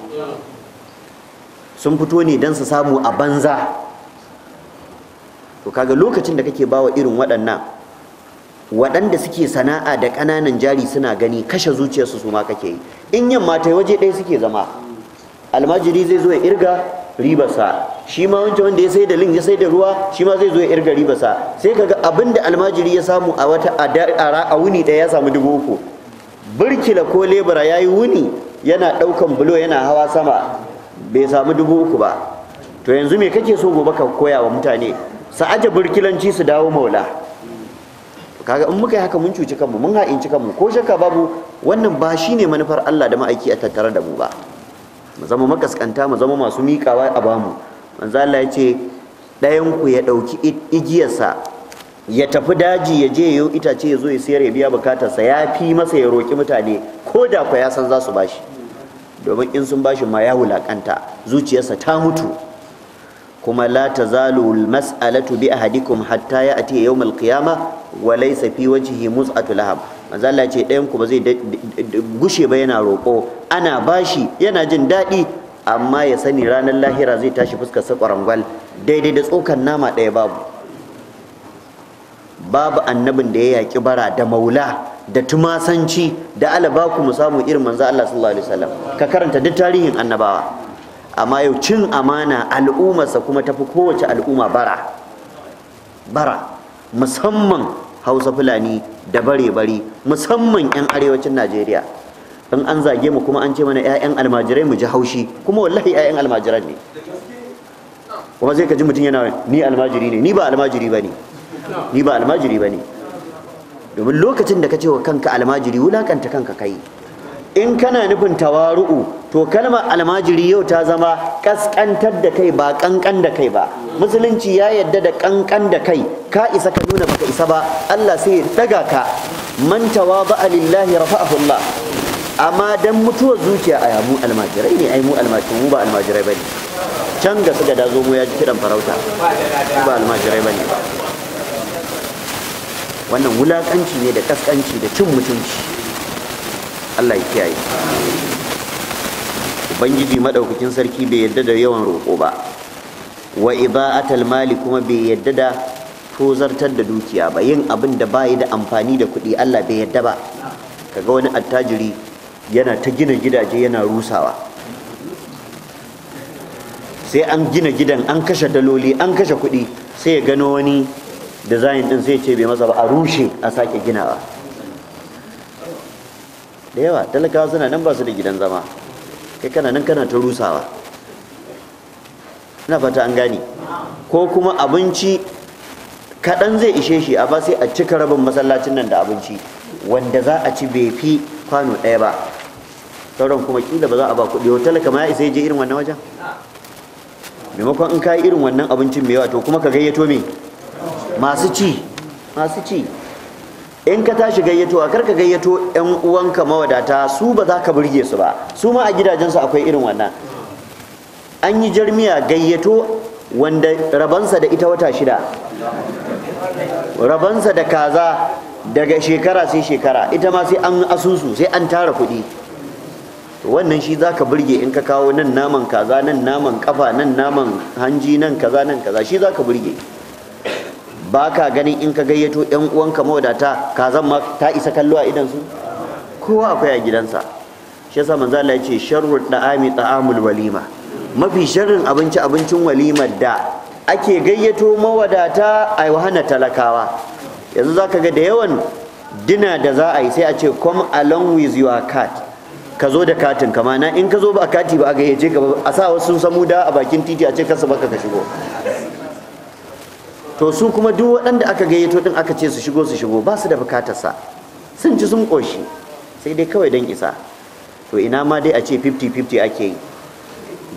sun fito ne don su samu a banza to kaga lokacin da kake bawa irin waɗannan waɗanda suke sana'a da ƙananan jari suna gani kashe zuciyarsu su ma kake yi in yamma ta waje ɗaya suke zama almajiri zai zo ya irga ribarsa shi ma wancan wanda ya sai da lin ya sai da ruwa shi ma zai zo ya irga ribarsa sai kaga abin da almajiri ya samu a wata a wuni ɗaya ya samu dubu uku birkila ko lebura ya yi wuni yana ɗaukan bulo yana hawa sama bai samu dubu uku ba to yanzu me kake so gobe ka koya wa mutane aje birkilanci su dawo maula kaga in muka yi haka mun cuci kanmu mun ha'inci kanmu ko shakka babu wannan ba shi ne manufar Allah da ma'aiki a tattare da mu ba mu zama makaskanta mu zama masu miƙawa a bamu manzo Allah ya ce ɗayan ku ya ɗauki igiyarsa ya tafi daji ya je ya itace ya zo ya sayar ya biya bukatarsa ya fi masa ya roƙi mutane ko da ku ya san za su bashi domin in sun bashi ma ya wulaƙanta zuciyarsa ta mutu kuma la ta zalu masalatu bi ahadikum hatta ati yawm alqiyama wa laysa fi wajhi muz'atu lahab manzo Allah ce ɗayan ku ba zai gushe ba yana roƙo ana bashi yana jin daɗi amma ya sani ranar lahira zai tashi fuskar sa kwarangwal daidai da tsokan nama ɗaya babu babu annabin da ya yaƙi bara da maula da tumasanci da alabaku mu samu irin manzo Allah sallallahu alaihi wasallam ka karanta duk tarihin annabawa amma yau cin amana al'ummarsa kuma tafi kowace al'umma bara bara musamman hausa fulani da bare-bare musamman 'yan arewacin najeriya in an zage mu kuma an ce mana 'ya'yan almajirai mu ji haushi kuma wallahi 'ya'yan almajiran ne kuma sai ka ji mutum yana ni almajiri ne ni ba almajiri ba ne ni ba almajiri ba ne domin lokacin da ka ce wa kanka almajiri wulakanta kanka kai in kana nufin tawaru'u to kalmar almajiri yau ta zama kaskantar da kai ba kankan da kai ba musulunci ya yadda da kankan da kai ka isa ka nuna baka isa ba Allah sai ya daga ka man tawaba lillahi rafa'ahu Allah amma dan mutuwar zuciya a yamu almajirai ne ai mu almajirai mu ba almajirai bane can ga suka da zo mu ya ji kiran farauta ba almajirai bane ba wannan wulakanci ne da kaskanci da cin mutunci Allah ya kiyaye ubangiji madaukakin sarki bai yadda da yawan roƙo ba wa iba'atal mali kuma bai yadda da tozartar da dukiya ba yin abin da bayi da amfani da kuɗi Allah bai yadda ba kaga wani attajiri yana ta gina gidaje yana rusawa sai an gina gidan an kashe daloli an kashe kuɗi sai ya gano wani da ɗin din sai ce bai masa ba a rushe a sake ginawa da yawa talakawa suna nan ba su da gidan zama kai kana nan kana ta rusawa ina fata an gane ko kuma abinci kaɗan zai ishe shi a ba sai a cika rabin masallacin nan da abinci wanda za a ci bai fi kwano ɗaya ba sauran kuma kila ba za a ba kuɗi talaka ma ya isa je irin wannan wajen maimakon in ka yi irin wannan abincin mai yawa to kuma ka gayyato me masu ci masu ci in ka tashi gayyatowa kar ka gayyato yan uwanka mawadata su ba za ka burge su ba su ma a gidajensu akwai irin wannan an yi jarmiya gayyato wanda rabansa da ita wata shida rabansa da kaza daga shekara sai shekara ita ma sai an asusu sai an tara kuɗi wannan shi za ka burge in ka kawo nan naman kaza nan naman kafa nan naman hanji nan kaza nan kaza shi za ka burge ba ka ganin in ka gayyato yan uwanka mawadata ka zan ma ta isa kallo a idansu su kowa akwai a gidansa shi yasa manzo Allah ya ce sharrud da'ami ta'amul walima mafi sharrin abinci abincin walima da ake gayyato mawadata a hana talakawa yanzu zaka ga da yawan dina da za a yi sai a ce come along with your cat ka zo da katin ka in ka zo ba kati ba a gayyace ka a sa wasu samu samuda a bakin titi a ce kasa baka ka shigo to su kuma duk waɗanda aka gayyato din aka ce su shigo su shigo ba su da sa sun ci sun koshi sai dai kawai don isa to ina ma dai a ce 50-50 ake yi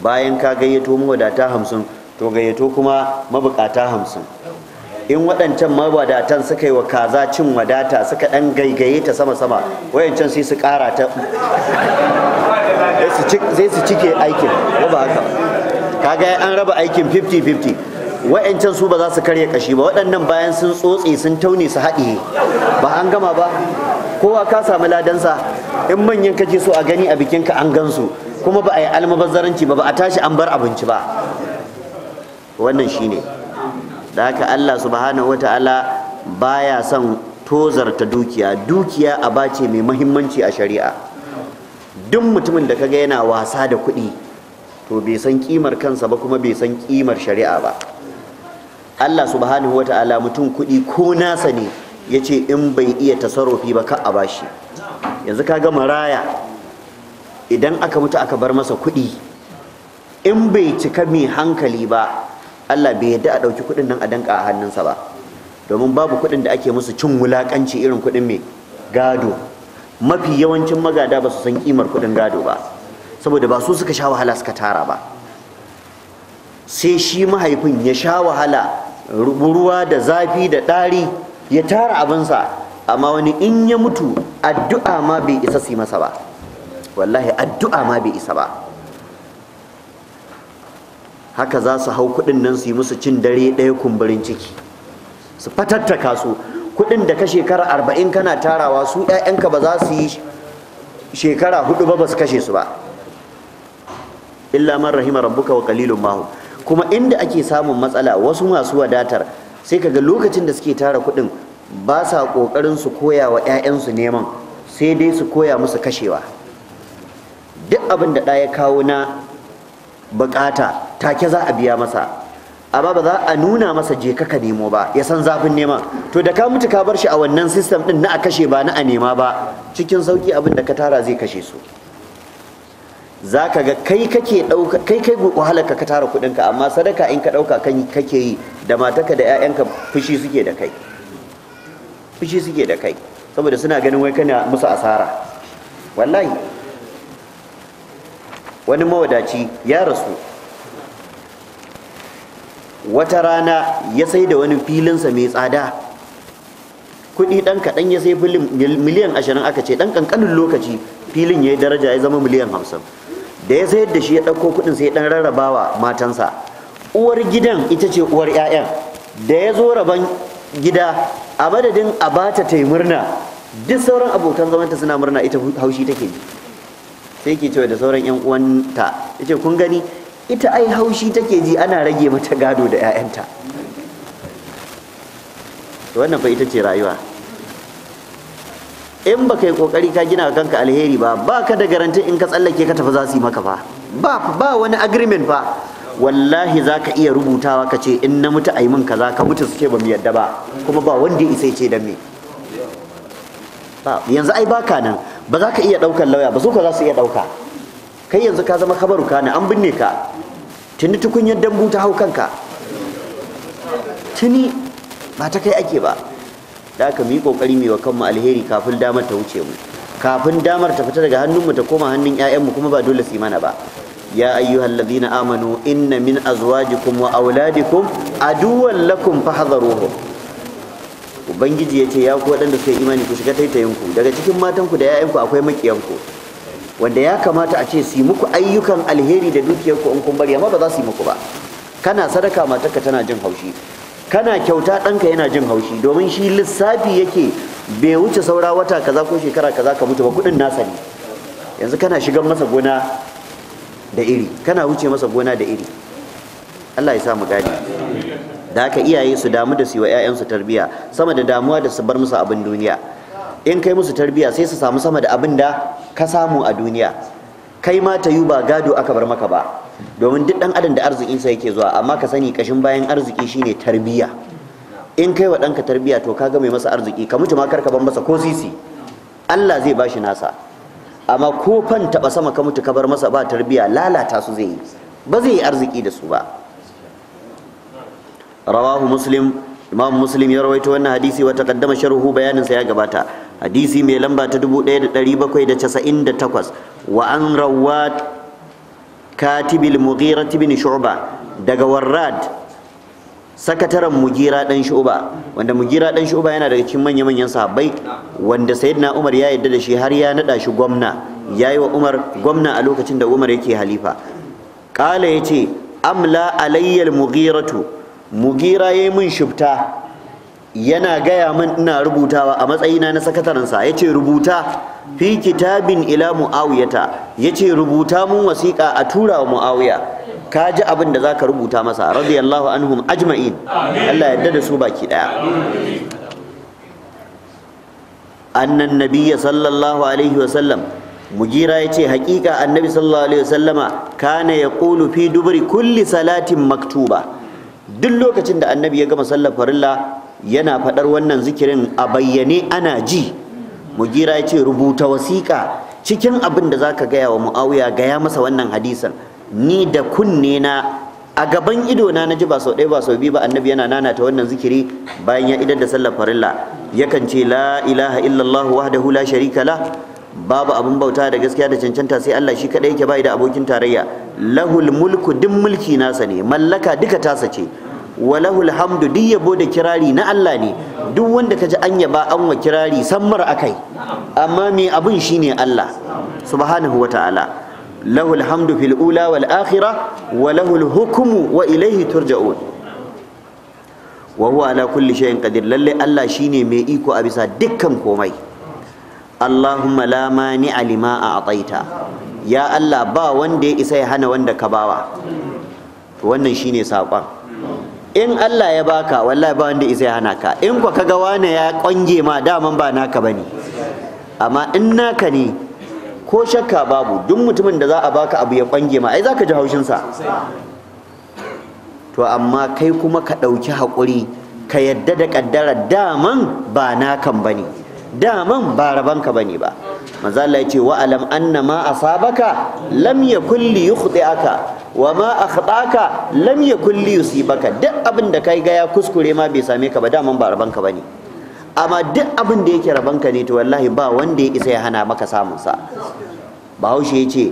bayan ka gayyato mawadata hamsin to gayyato kuma mabukata hamsin in waɗancan mawadatan suka yi wa kaza cin wadata suka ɗan gaigaye ta sama-sama wayancan sai su ƙara ta sai su cike aikin ba haka kaga an raba aikin 50-50 wa'ancan su ba za su karya kashi ba waɗannan bayan sun tsotse sun taune su haɗiye ba an gama ba kowa ka samu ladansa in manyan je so a gani a bikinka an gan su. kuma ba a yi almabazzaranci ba ba a tashi an bar abinci ba wannan shi ne. da haka Allah subhanahu wataala baya son tozarta dukiya dukiya a bace mai mahimmanci a shari'a duk mutumin da kaga yana wasa da kuɗi to bai san kimar kansa ba kuma bai san kimar shari'a ba Allah subhanahu wata'ala mutum kuɗi ko nasa ne ya ce in bai iya tasarrufi ba ka a bashi yanzu ka ga maraya idan aka mutu aka bar masa kuɗi in bai cika mai hankali ba Allah bai yadda a ɗauki kuɗin nan a danka a hannunsa ba domin babu kuɗin da ake musu cin wulaƙanci irin kuɗin mai gado mafi yawancin magada ba su san ƙimar kuɗin gado ba saboda ba su suka sha wahala suka tara ba sai shi mahaifin ya sha wahala ruwa da zafi da ɗari ya tara abinsa amma wani in ya mutu addu'a ma bai isa su yi masa ba wallahi addu'a ma bai isa ba haka za su hau kuɗin nan su yi musu cin dare ɗaya kumburin ciki su fatattaka su kuɗin da ka shekara arba'in kana tarawa su ‘ya'yanka ba za su yi shekara hudu ba ba su kashe su ba illa man rahima rabbuka wa kalilun mahum kuma inda ake samun matsala wasu masu wadatar sai kaga lokacin da suke tara kuɗin ba sa ƙoƙarin su koya wa 'ya'yansu neman sai dai su koya musu kashewa duk abin da ɗaya kawo na bukata take za a biya masa amma ba za a nuna masa je ka nemo ba ya san zafin neman, to da ka mutu ka bar shi a wannan system ɗin na a kashe ba na a nema ba cikin sauki abin da ka tara zai kashe su za ka ga kai kake ɗauka kai kai wahalarka ka tara ka amma sadaka in ka ɗauka kan kake yi da mataka da 'ya'yanka fushi suke da kai fushi suke da kai saboda suna ganin wai kana musu asara wallahi wani mawadaci ya rasu wata rana ya sai da wani filinsa mai tsada kuɗi ɗan kaɗan ya sai filin miliyan ashirin aka ce ɗan ƙanƙanin lokaci filin ya yi daraja ya zama miliyan hamsin da ya sayar da shi ya ɗauko kuɗin sai ya ɗan rarrabawa matansa uwar gidan ita ce uwar 'ya'yan da ya zo raban gida a madadin a bata ta yi murna duk sauran abokan zamanta suna murna ita haushi take ji sai ke cewa da sauran 'yan uwanta ce kun gani ita ai haushi take ji ana rage mata gado da 'ya'yanta wannan fa ita ce rayuwa in baka yi kokari ka gina kanka alheri ba baka da garanti in ka tsallake ka tafi za su yi maka fa ba ba wani agreement fa wallahi za ka iya rubutawa ka ce in na mutu aimin ka za ka mutu suke ba mu yadda ba kuma ba wanda ya isa ce da me yanzu ai baka nan ba za ka iya daukar lauya ba su ka za su iya dauka. kai yanzu ka zama kabaru ka ne an binne ka tuni tukunyar dambu ta hau kanka tuni ba ta kai ake ba da aka mi kokari mai wa kanmu alheri kafin damar ta wuce mu kafin damar ta fita daga hannunmu ta koma hannun 'ya'yanmu kuma ba dole su yi mana ba ya ayyuhal ladina amanu inna min azwajikum wa auladikum aduwwan lakum fahdharuhum ubangiji yace ya ku wadanda suka imani ku shiga taitayinku daga cikin matan ku da yayan ku akwai ku. wanda ya kamata a ce su yi muku ayyukan alheri da dukiyarku in kun bari amma ba za su yi muku ba kana sadaka matarka tana jin haushi kana kyauta ɗanka yana jin haushi domin shi lissafi yake bai wuce saura wata kaza ko shekara kaza ka mutu ba kuɗin nasa ne yanzu kana shigan masa gona da iri kana wuce masa gona da iri Allah ya sa mu gadi da aka iyaye su damu da su wa su tarbiya sama da damuwa da su bar musu abin duniya in kai musu tarbiya sai su samu sama da abin da ka samu a duniya kai ma ta ba gado aka bar maka ba domin duk dan adam da arziki sai yake zuwa amma ka sani kashin bayan arziki shine tarbiya in kai wa ɗanka tarbiya to kaga mai masa arziki ka mutu ma karka ban masa ko sisi Allah zai bashi nasa amma ko fan taba sama ka mutu ka bar masa ba tarbiya lalata su zai yi ba zai yi arziki da su ba rawahu muslim imam muslim ya rawaito wannan hadisi wa taqaddama sharhu bayanin sa ya gabata hadisi mai lamba ta 1798 وعن رواد كاتب المغيرة بن Shu'uba daga وراد sakataren mujira dan shuba wanda mujira dan shuba yana daga cikin manyan manyan sahabbai wanda sayyidina umar ya yarda da shi har ya naɗa shi gwamna yayi wa umar gwamna a lokacin da umar yake halifa qala yace amla alayyal mughiratu mugira yayi mun shubta yana gaya min ina rubutawa a matsayina na sakatarensa ya ce rubuta fi kitabin ila mu'awiyata ya ce rubuta mun wasiƙa a tura wa mu'awiya ka ji abin da za ka rubuta masa radiyallahu anhum ajma'in Allah yadda da su baki ɗaya annan nabiyya sallallahu alaihi wasallam mujira ya ce haƙiƙa annabi sallallahu alaihi wasallama kana ya fi dubri kulli salatin maktuba duk lokacin da annabi ya gama sallar farilla yana faɗar wannan zikirin a bayyane ana ji mugira ya ce rubuta wasiƙa cikin abin da za ka gaya wa mu'awiya gaya masa wannan hadisan ni da kunne na a gaban ido na naji ba sau ɗaya ba sau biyu ba annabi yana nanata wannan zikiri bayan ya idar da sallar farilla yakan ce la ilaha illallah wahdahu la sharika la babu abin bauta da gaskiya da cancanta sai Allah shi kaɗai yake bai da abokin tarayya lahul mulku din mulki nasa ne mallaka duka tasa ce walahul hamdu duk yabo da kirari na Allah ne duk wanda ka ji an yaba an wa kirari sammar akai amma me abun shine Allah subhanahu wa ta'ala lahul hamdu fil ula wal akhira wa lahul hukmu wa ilayhi turja'un wa huwa ala kulli shay'in qadir lalle Allah shine mai iko a bisa dukkan komai Allahumma la alima lima a'taita ya Allah ba wanda ya isa ya hana wanda ka bawa wannan shine saƙon in Allah ya baka wallahi ba wanda zai hana ka in kwa kaga wane ya kwange ma daman ba naka bane amma in naka ne ko shakka babu duk mutumin da za a baka abu ya kwange ma ai zaka ji haushin sa to amma kai kuma ka dauki hakuri ka yadda da kaddara daman ba nakan bane daman ba rabanka bane ba manzo Allah ya ce wa alam anna ma asabaka lam yakul li yukhdi'aka wa ma akhtaka lam yakul li yusibaka duk abin da kai ga ya kuskure ma bai same ka ba dama ba rabanka bane amma duk abin da yake ka ne to wallahi ba wanda ya isa ya hana maka samun sa bahaushe ya ce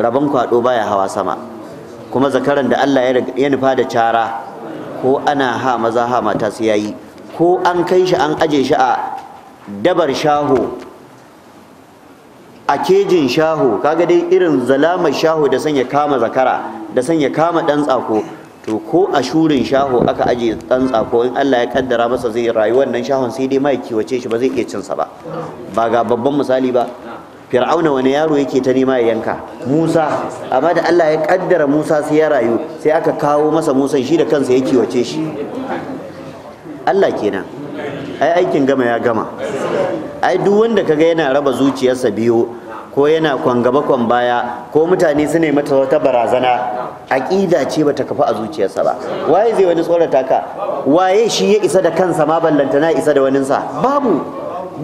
rabon kwado baya hawa sama kuma zakaran da Allah ya nufa da cara ko ana ha maza ha mata su yayi ko an kai shi an aje shi a dabar shaho a kejin shaho kaga dai irin zalamar shaho da sanya kama zakara da sanya kama dan tsako to ko a shurin shaho aka aje dan tsako in Allah ya kaddara masa zai rayu wannan shahon sai dai mai kiwace shi ba zai iya cin ba ba ga babban misali ba fir'auna wani yaro yake ta nema ya yanka musa amma da Allah ya kaddara musa sai ya rayu sai aka kawo masa Musa, shi da kansa ya kiwace shi Allah kenan ai aikin gama ya gama ai duk wanda kaga yana raba zuciyarsa biyu ko yana kwangaba baya ko mutane su ne mata wata barazana aqida ce bata kafa a zuciyarsa ba waye zai wani tsorata ka waye shi ya isa da kansa ma na isa da sa babu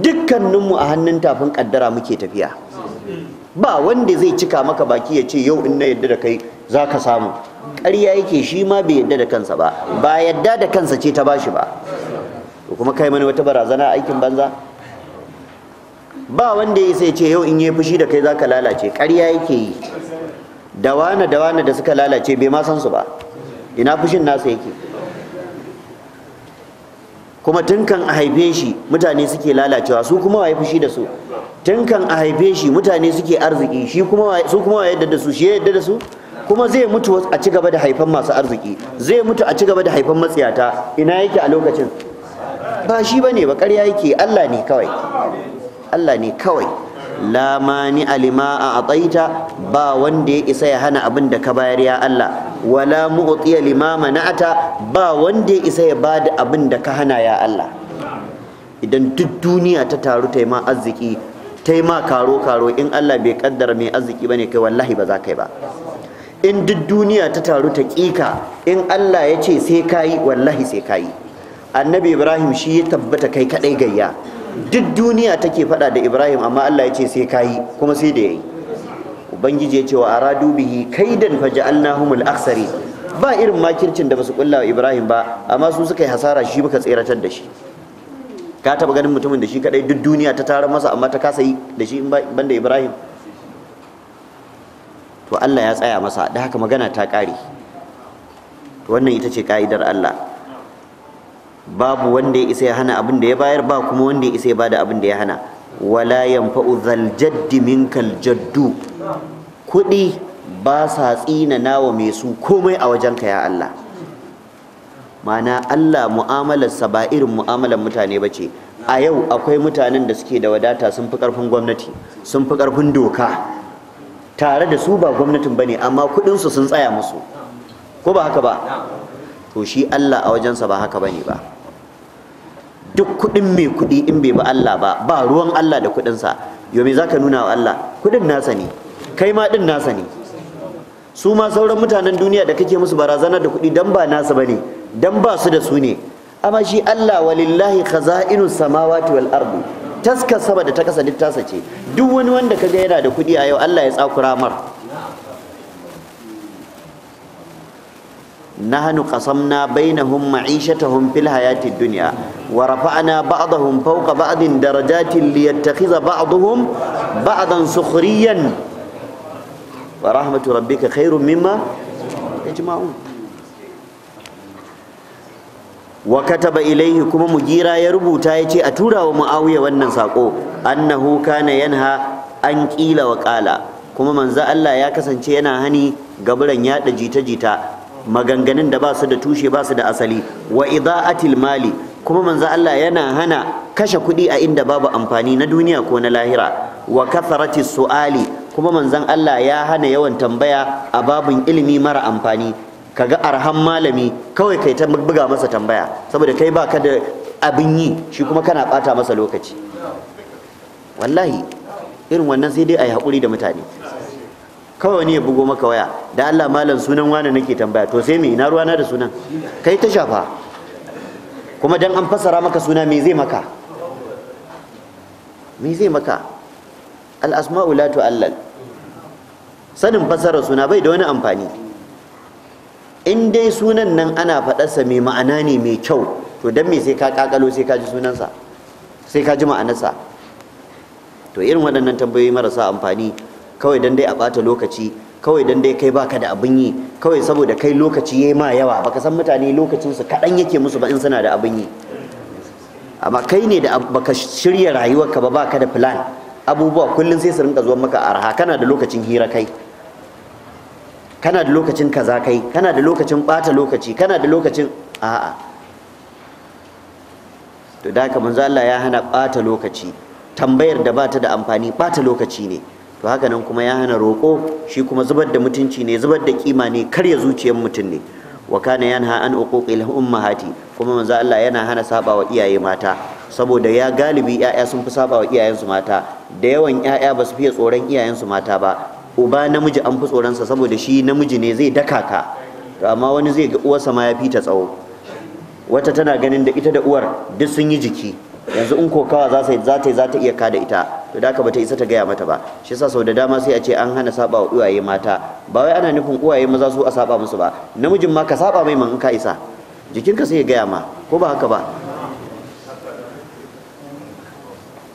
dukkaninmu a hannun tafin kaddara muke tafiya ba wanda zai cika maka baki ya ce yau in na yadda da kai zaka samu ƙarya yake shi ma bai yadda da kansa ba ba yadda da kansa ce ta bashi ba kuma kai mana wata barazana aikin banza ba wanda ya isa ce yau in yi fushi da kai za ka lalace ƙarya yake yi dawana dawana da suka lalace bai ma san su ba ina fushin nasa yake kuma tun kan a haife shi mutane suke lalacewa su kuma waye fushi da su tun kan a haife shi mutane suke arziki shi kuma su kuma waye yadda da su shi yadda da su kuma zai mutu a ci gaba da haifan masu arziki zai mutu a ci gaba da haifan matsiyata ina yake a lokacin ba shi bane ba ƙarya yake Allah ne kawai Allah ne kawai la mani alima a ataita ba wanda ya isa ya hana abin da ka bayar ya Allah wala mu'tiya lima mana'ata ba wanda ya isa ya bada abin da ka hana ya Allah idan duk duniya ta taru ta yi ma arziki ta yi ma karo karo in Allah bai kaddara mai arziki bane kai wallahi ba za kai ba in duk duniya ta taru ta kika in Allah ya ce sai kayi wallahi sai kayi annabi Ibrahim shi ya tabbata kai kadai gayya duk duniya take faɗa da Ibrahim amma Allah ya ce sai kayi kuma sai da ya yi. ubangiji ya ce wa aradu bihi kaidan faja'alnahumul aksari ba irin makircin da ba su kulla wa Ibrahim ba amma su suka yi hasara shi baka tseratar da shi ka taba ganin mutumin da shi kadai duk duniya ta tarar masa amma ta kasa yi da shi ban da Ibrahim to Allah ya tsaya masa da haka magana ta kare to wannan ita ce ka'idar Allah babu wanda ya isa ya hana abin da ya bayar ba kuma wanda ya isa ya bada abin da ya hana wala yanfa'u zal jaddi minkal jaddu kuɗi ba sa tsina nawa mai su komai a wajenka ya Allah mana Allah sa ba irin mu'amalar mutane bace a yau akwai mutanen da suke da wadata sun fi ƙarfin gwamnati sun fi ƙarfin doka tare da su ba gwamnatin bane amma su sun tsaya musu ko ba haka ba to shi Allah a wajensa ba haka bane ba duk kuɗin mai kuɗi in bai bi Allah ba ba ruwan Allah da kuɗinsa yo me zaka nuna wa Allah kuɗin nasa ne kai ma ɗin nasa ne su ma sauran mutanen duniya da kake musu barazana da kuɗi dan ba nasa bane dan ba su da su ne amma shi Allah walillahi khaza'inus samawati wal ardi taska sama ta kasa duk ce duk wani wanda kaga yana da kuɗi a yau Allah ya tsakura mar نحن قسمنا بينهم معيشتهم في الحياة الدنيا ورفعنا بعضهم فوق بعض درجات ليتخذ بعضهم بعضا سخريا ورحمة ربك خير مما يجمعون وكتب إليه كما مجيرا يربو تايتي أتورا ومعاوية والنساقو أنه كان ينهى أن قيل وقال كما من ذا الله يكسن شيئا هني قبل أن يأتي جيتا جيتا maganganun da ba su da tushe ba su da asali wa ida'atil mali kuma manzo Allah yana hana kashe kuɗi a inda babu amfani na duniya ko na lahira wa kafarati su'ali kuma manzon Allah ya hana yawan tambaya a babun ilimi mara amfani kaga arhan malami kawai kai ta buga masa tambaya saboda kai baka da abin yi shi kuma kana bata masa lokaci wallahi irin wannan sai dai a yi hakuri da mutane kawai wani ya bugo maka waya da Allah malam sunan wani nake tambaya to sai me ina ruwana da sunan kai ta shafa kuma dan an fasara maka suna me zai maka me zai maka al asma'u la tu'allal sanin fasara suna bai da wani amfani in dai sunan nan ana faɗarsa mai ma'ana ne mai kyau to dan me sai ka kakalo sai ka ji sunansa sai ka ji ma'anarsa to irin waɗannan tambayoyi marasa amfani kawai dan dai a bata lokaci kawai dan dai kai baka da abin yi kawai saboda kai lokaci yayi ma yawa baka san mutane lokacin su kadan yake musu ba in suna da abin yi amma kai ne da baka shirya rayuwarka ba baka da plan abubuwa kullun sai su rinka zuwa maka arha kana da lokacin hira kai kana da lokacin kaza kai kana da lokacin bata lokaci kana da lokacin a'a to da haka manzo Allah ya hana bata lokaci tambayar da bata da amfani bata lokaci ne to haka nan kuma ya hana roƙo shi kuma zubar da mutunci ne zubar da kima ne karya zuciyar mutum ne wa kana yanha an uquqil ummahati kuma manzo Allah yana hana wa iyaye mata saboda ya galibi yaya sun fi sabawa iyayensu mata da yawan yaya ba su fiye tsoron iyayensu mata ba uba namiji an fi tsoron sa saboda shi namiji ne zai daka ka to amma wani zai ga uwarsa ma ya fita tsawo wata tana ganin da ita da uwar duk sun yi jiki yanzu in kokawa za ta za ta za ta iya kada ita to da ba bata isa ta gaya mata ba shi yasa sau da dama sai a ce an hana saba wa uwaye mata ba wai ana nufin uwaye maza su a saba musu ba namijin ma ka saba mai man in ka isa jikinka sai ya gaya ma ko ba haka ba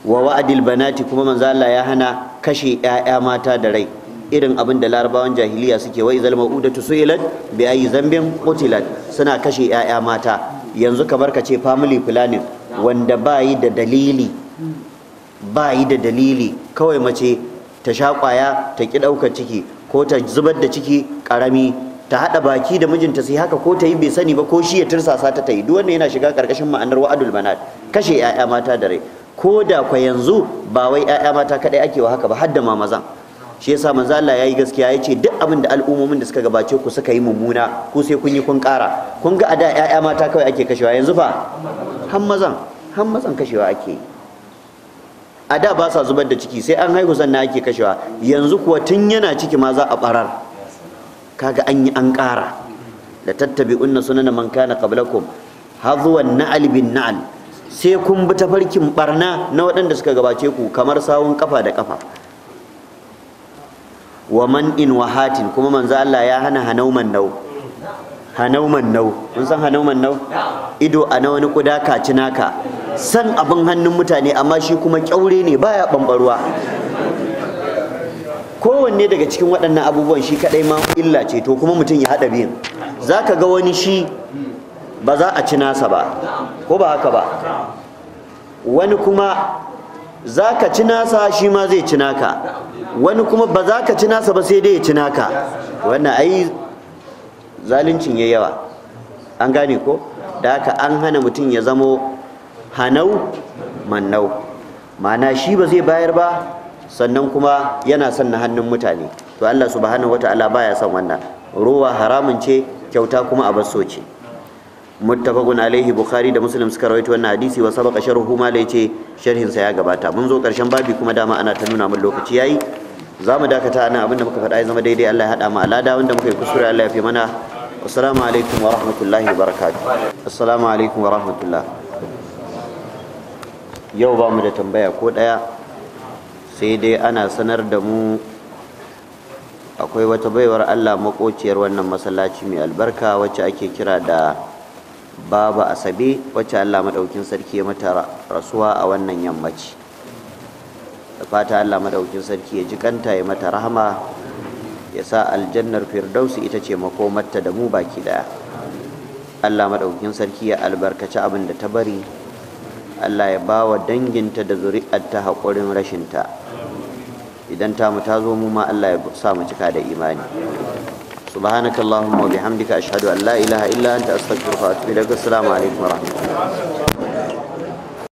wa wa'adil banati kuma manzo Allah ya hana kashe ƴaƴa mata da rai irin abin da larabawan jahiliya suke wai Zalma Uda tu su'ilat bi ayi zambin qutilat suna kashe ƴaƴa mata yanzu kamar ka ce family planning wanda bayi da dalili bayi da dalili kawai mace ta sha kwaya ta ki ɗaukar ciki ko ta zubar da ciki ƙarami ta haɗa baki da mijinta sai haka ko ta yi bai sani ba ko shi ya tursasa ta ta yi duk wanda yana shiga ƙarƙashin ma'anar wa'adul banat kashe 'ya'ya mata da rai ko da kwa yanzu ba wai 'ya'ya mata kaɗai ake wa haka ba har da mamazan shi yasa manzo Allah yayi gaskiya yace duk abin da al'ummomin da suka gabace ku suka yi mummuna ku sai kun yi kun ƙara kun ga ada ƴaƴa mata kawai ake kashewa yanzu fa hammazan hammazan kashewa ake yi a da ba sa zubar da ciki sai an haihu sannan ake kashewa yanzu kuwa tun yana ciki ma za a barar kaga an yi an ƙara da tattabi'unna sunana man kana qablakum hazuwan na'al bin na'al sai kun bi tafarkin barna na waɗanda suka gabace ku kamar sawun kafa da kafa wa man wa hatin kuma manzo Allah ya hana hanauman nau hanauman nau mun san nau ido a na wani kuda kaci naka san abin hannun mutane amma shi kuma kyaure ne baya bambarwa kowanne daga cikin waɗannan abubuwan shi kadai ma illa ce to kuma mutum ya haɗa biyan zaka ga wani shi ba za a ci nasa ba ko ba haka ba wani kuma za ka ci nasa shi ma zai ci naka wani kuma ba za ka ci nasa ba sai dai ya ci naka wannan ai zaluncin ya yawa an gane ko da haka an hana mutum ya zamo hanau mannau mana shi ba zai bayar ba sannan kuma yana son na hannun mutane to Allah subhanahu wataala baya son wannan ruwa haramun ce kyauta kuma a basso ce muttafaqun alaihi bukhari da muslim suka rawaito wannan hadisi wa sabaqa sharhu ma la yace sharhin sa ya gabata mun zo karshen babi kuma dama ana ta nuna mun lokaci yayi zamu dakata nan abinda muka faɗa ya zama daidai Allah ya hada mu alada wanda muka yi kusuri Allah ya fi mana assalamu alaikum wa rahmatullahi wa barakatuh assalamu alaikum wa rahmatullah yau ba mu da tambaya ko daya sai dai ana sanar da mu akwai wata baiwar Allah makociyar wannan masallaci mai albarka wacce ake kira da Babu asabe wacce Allah madaukin sarki ya mata rasuwa a wannan yammaci da fata Allah madaukin sarki ya ji kanta ya mata rahama ya sa aljannar firdausi ita ce makomarta da mu baki daya Allah madaukin sarki ya albarkaci abin da ta bari Allah ya bawa danginta da zuri'arta hakurin rashinta idan ta mu ta zo mu ma Allah ya sa mu cika da imani subhanakallahumma wa bihamdika ashhadu an la ilaha illa anta astaghfiruka wa atubu ilaik assalamu alaikum wa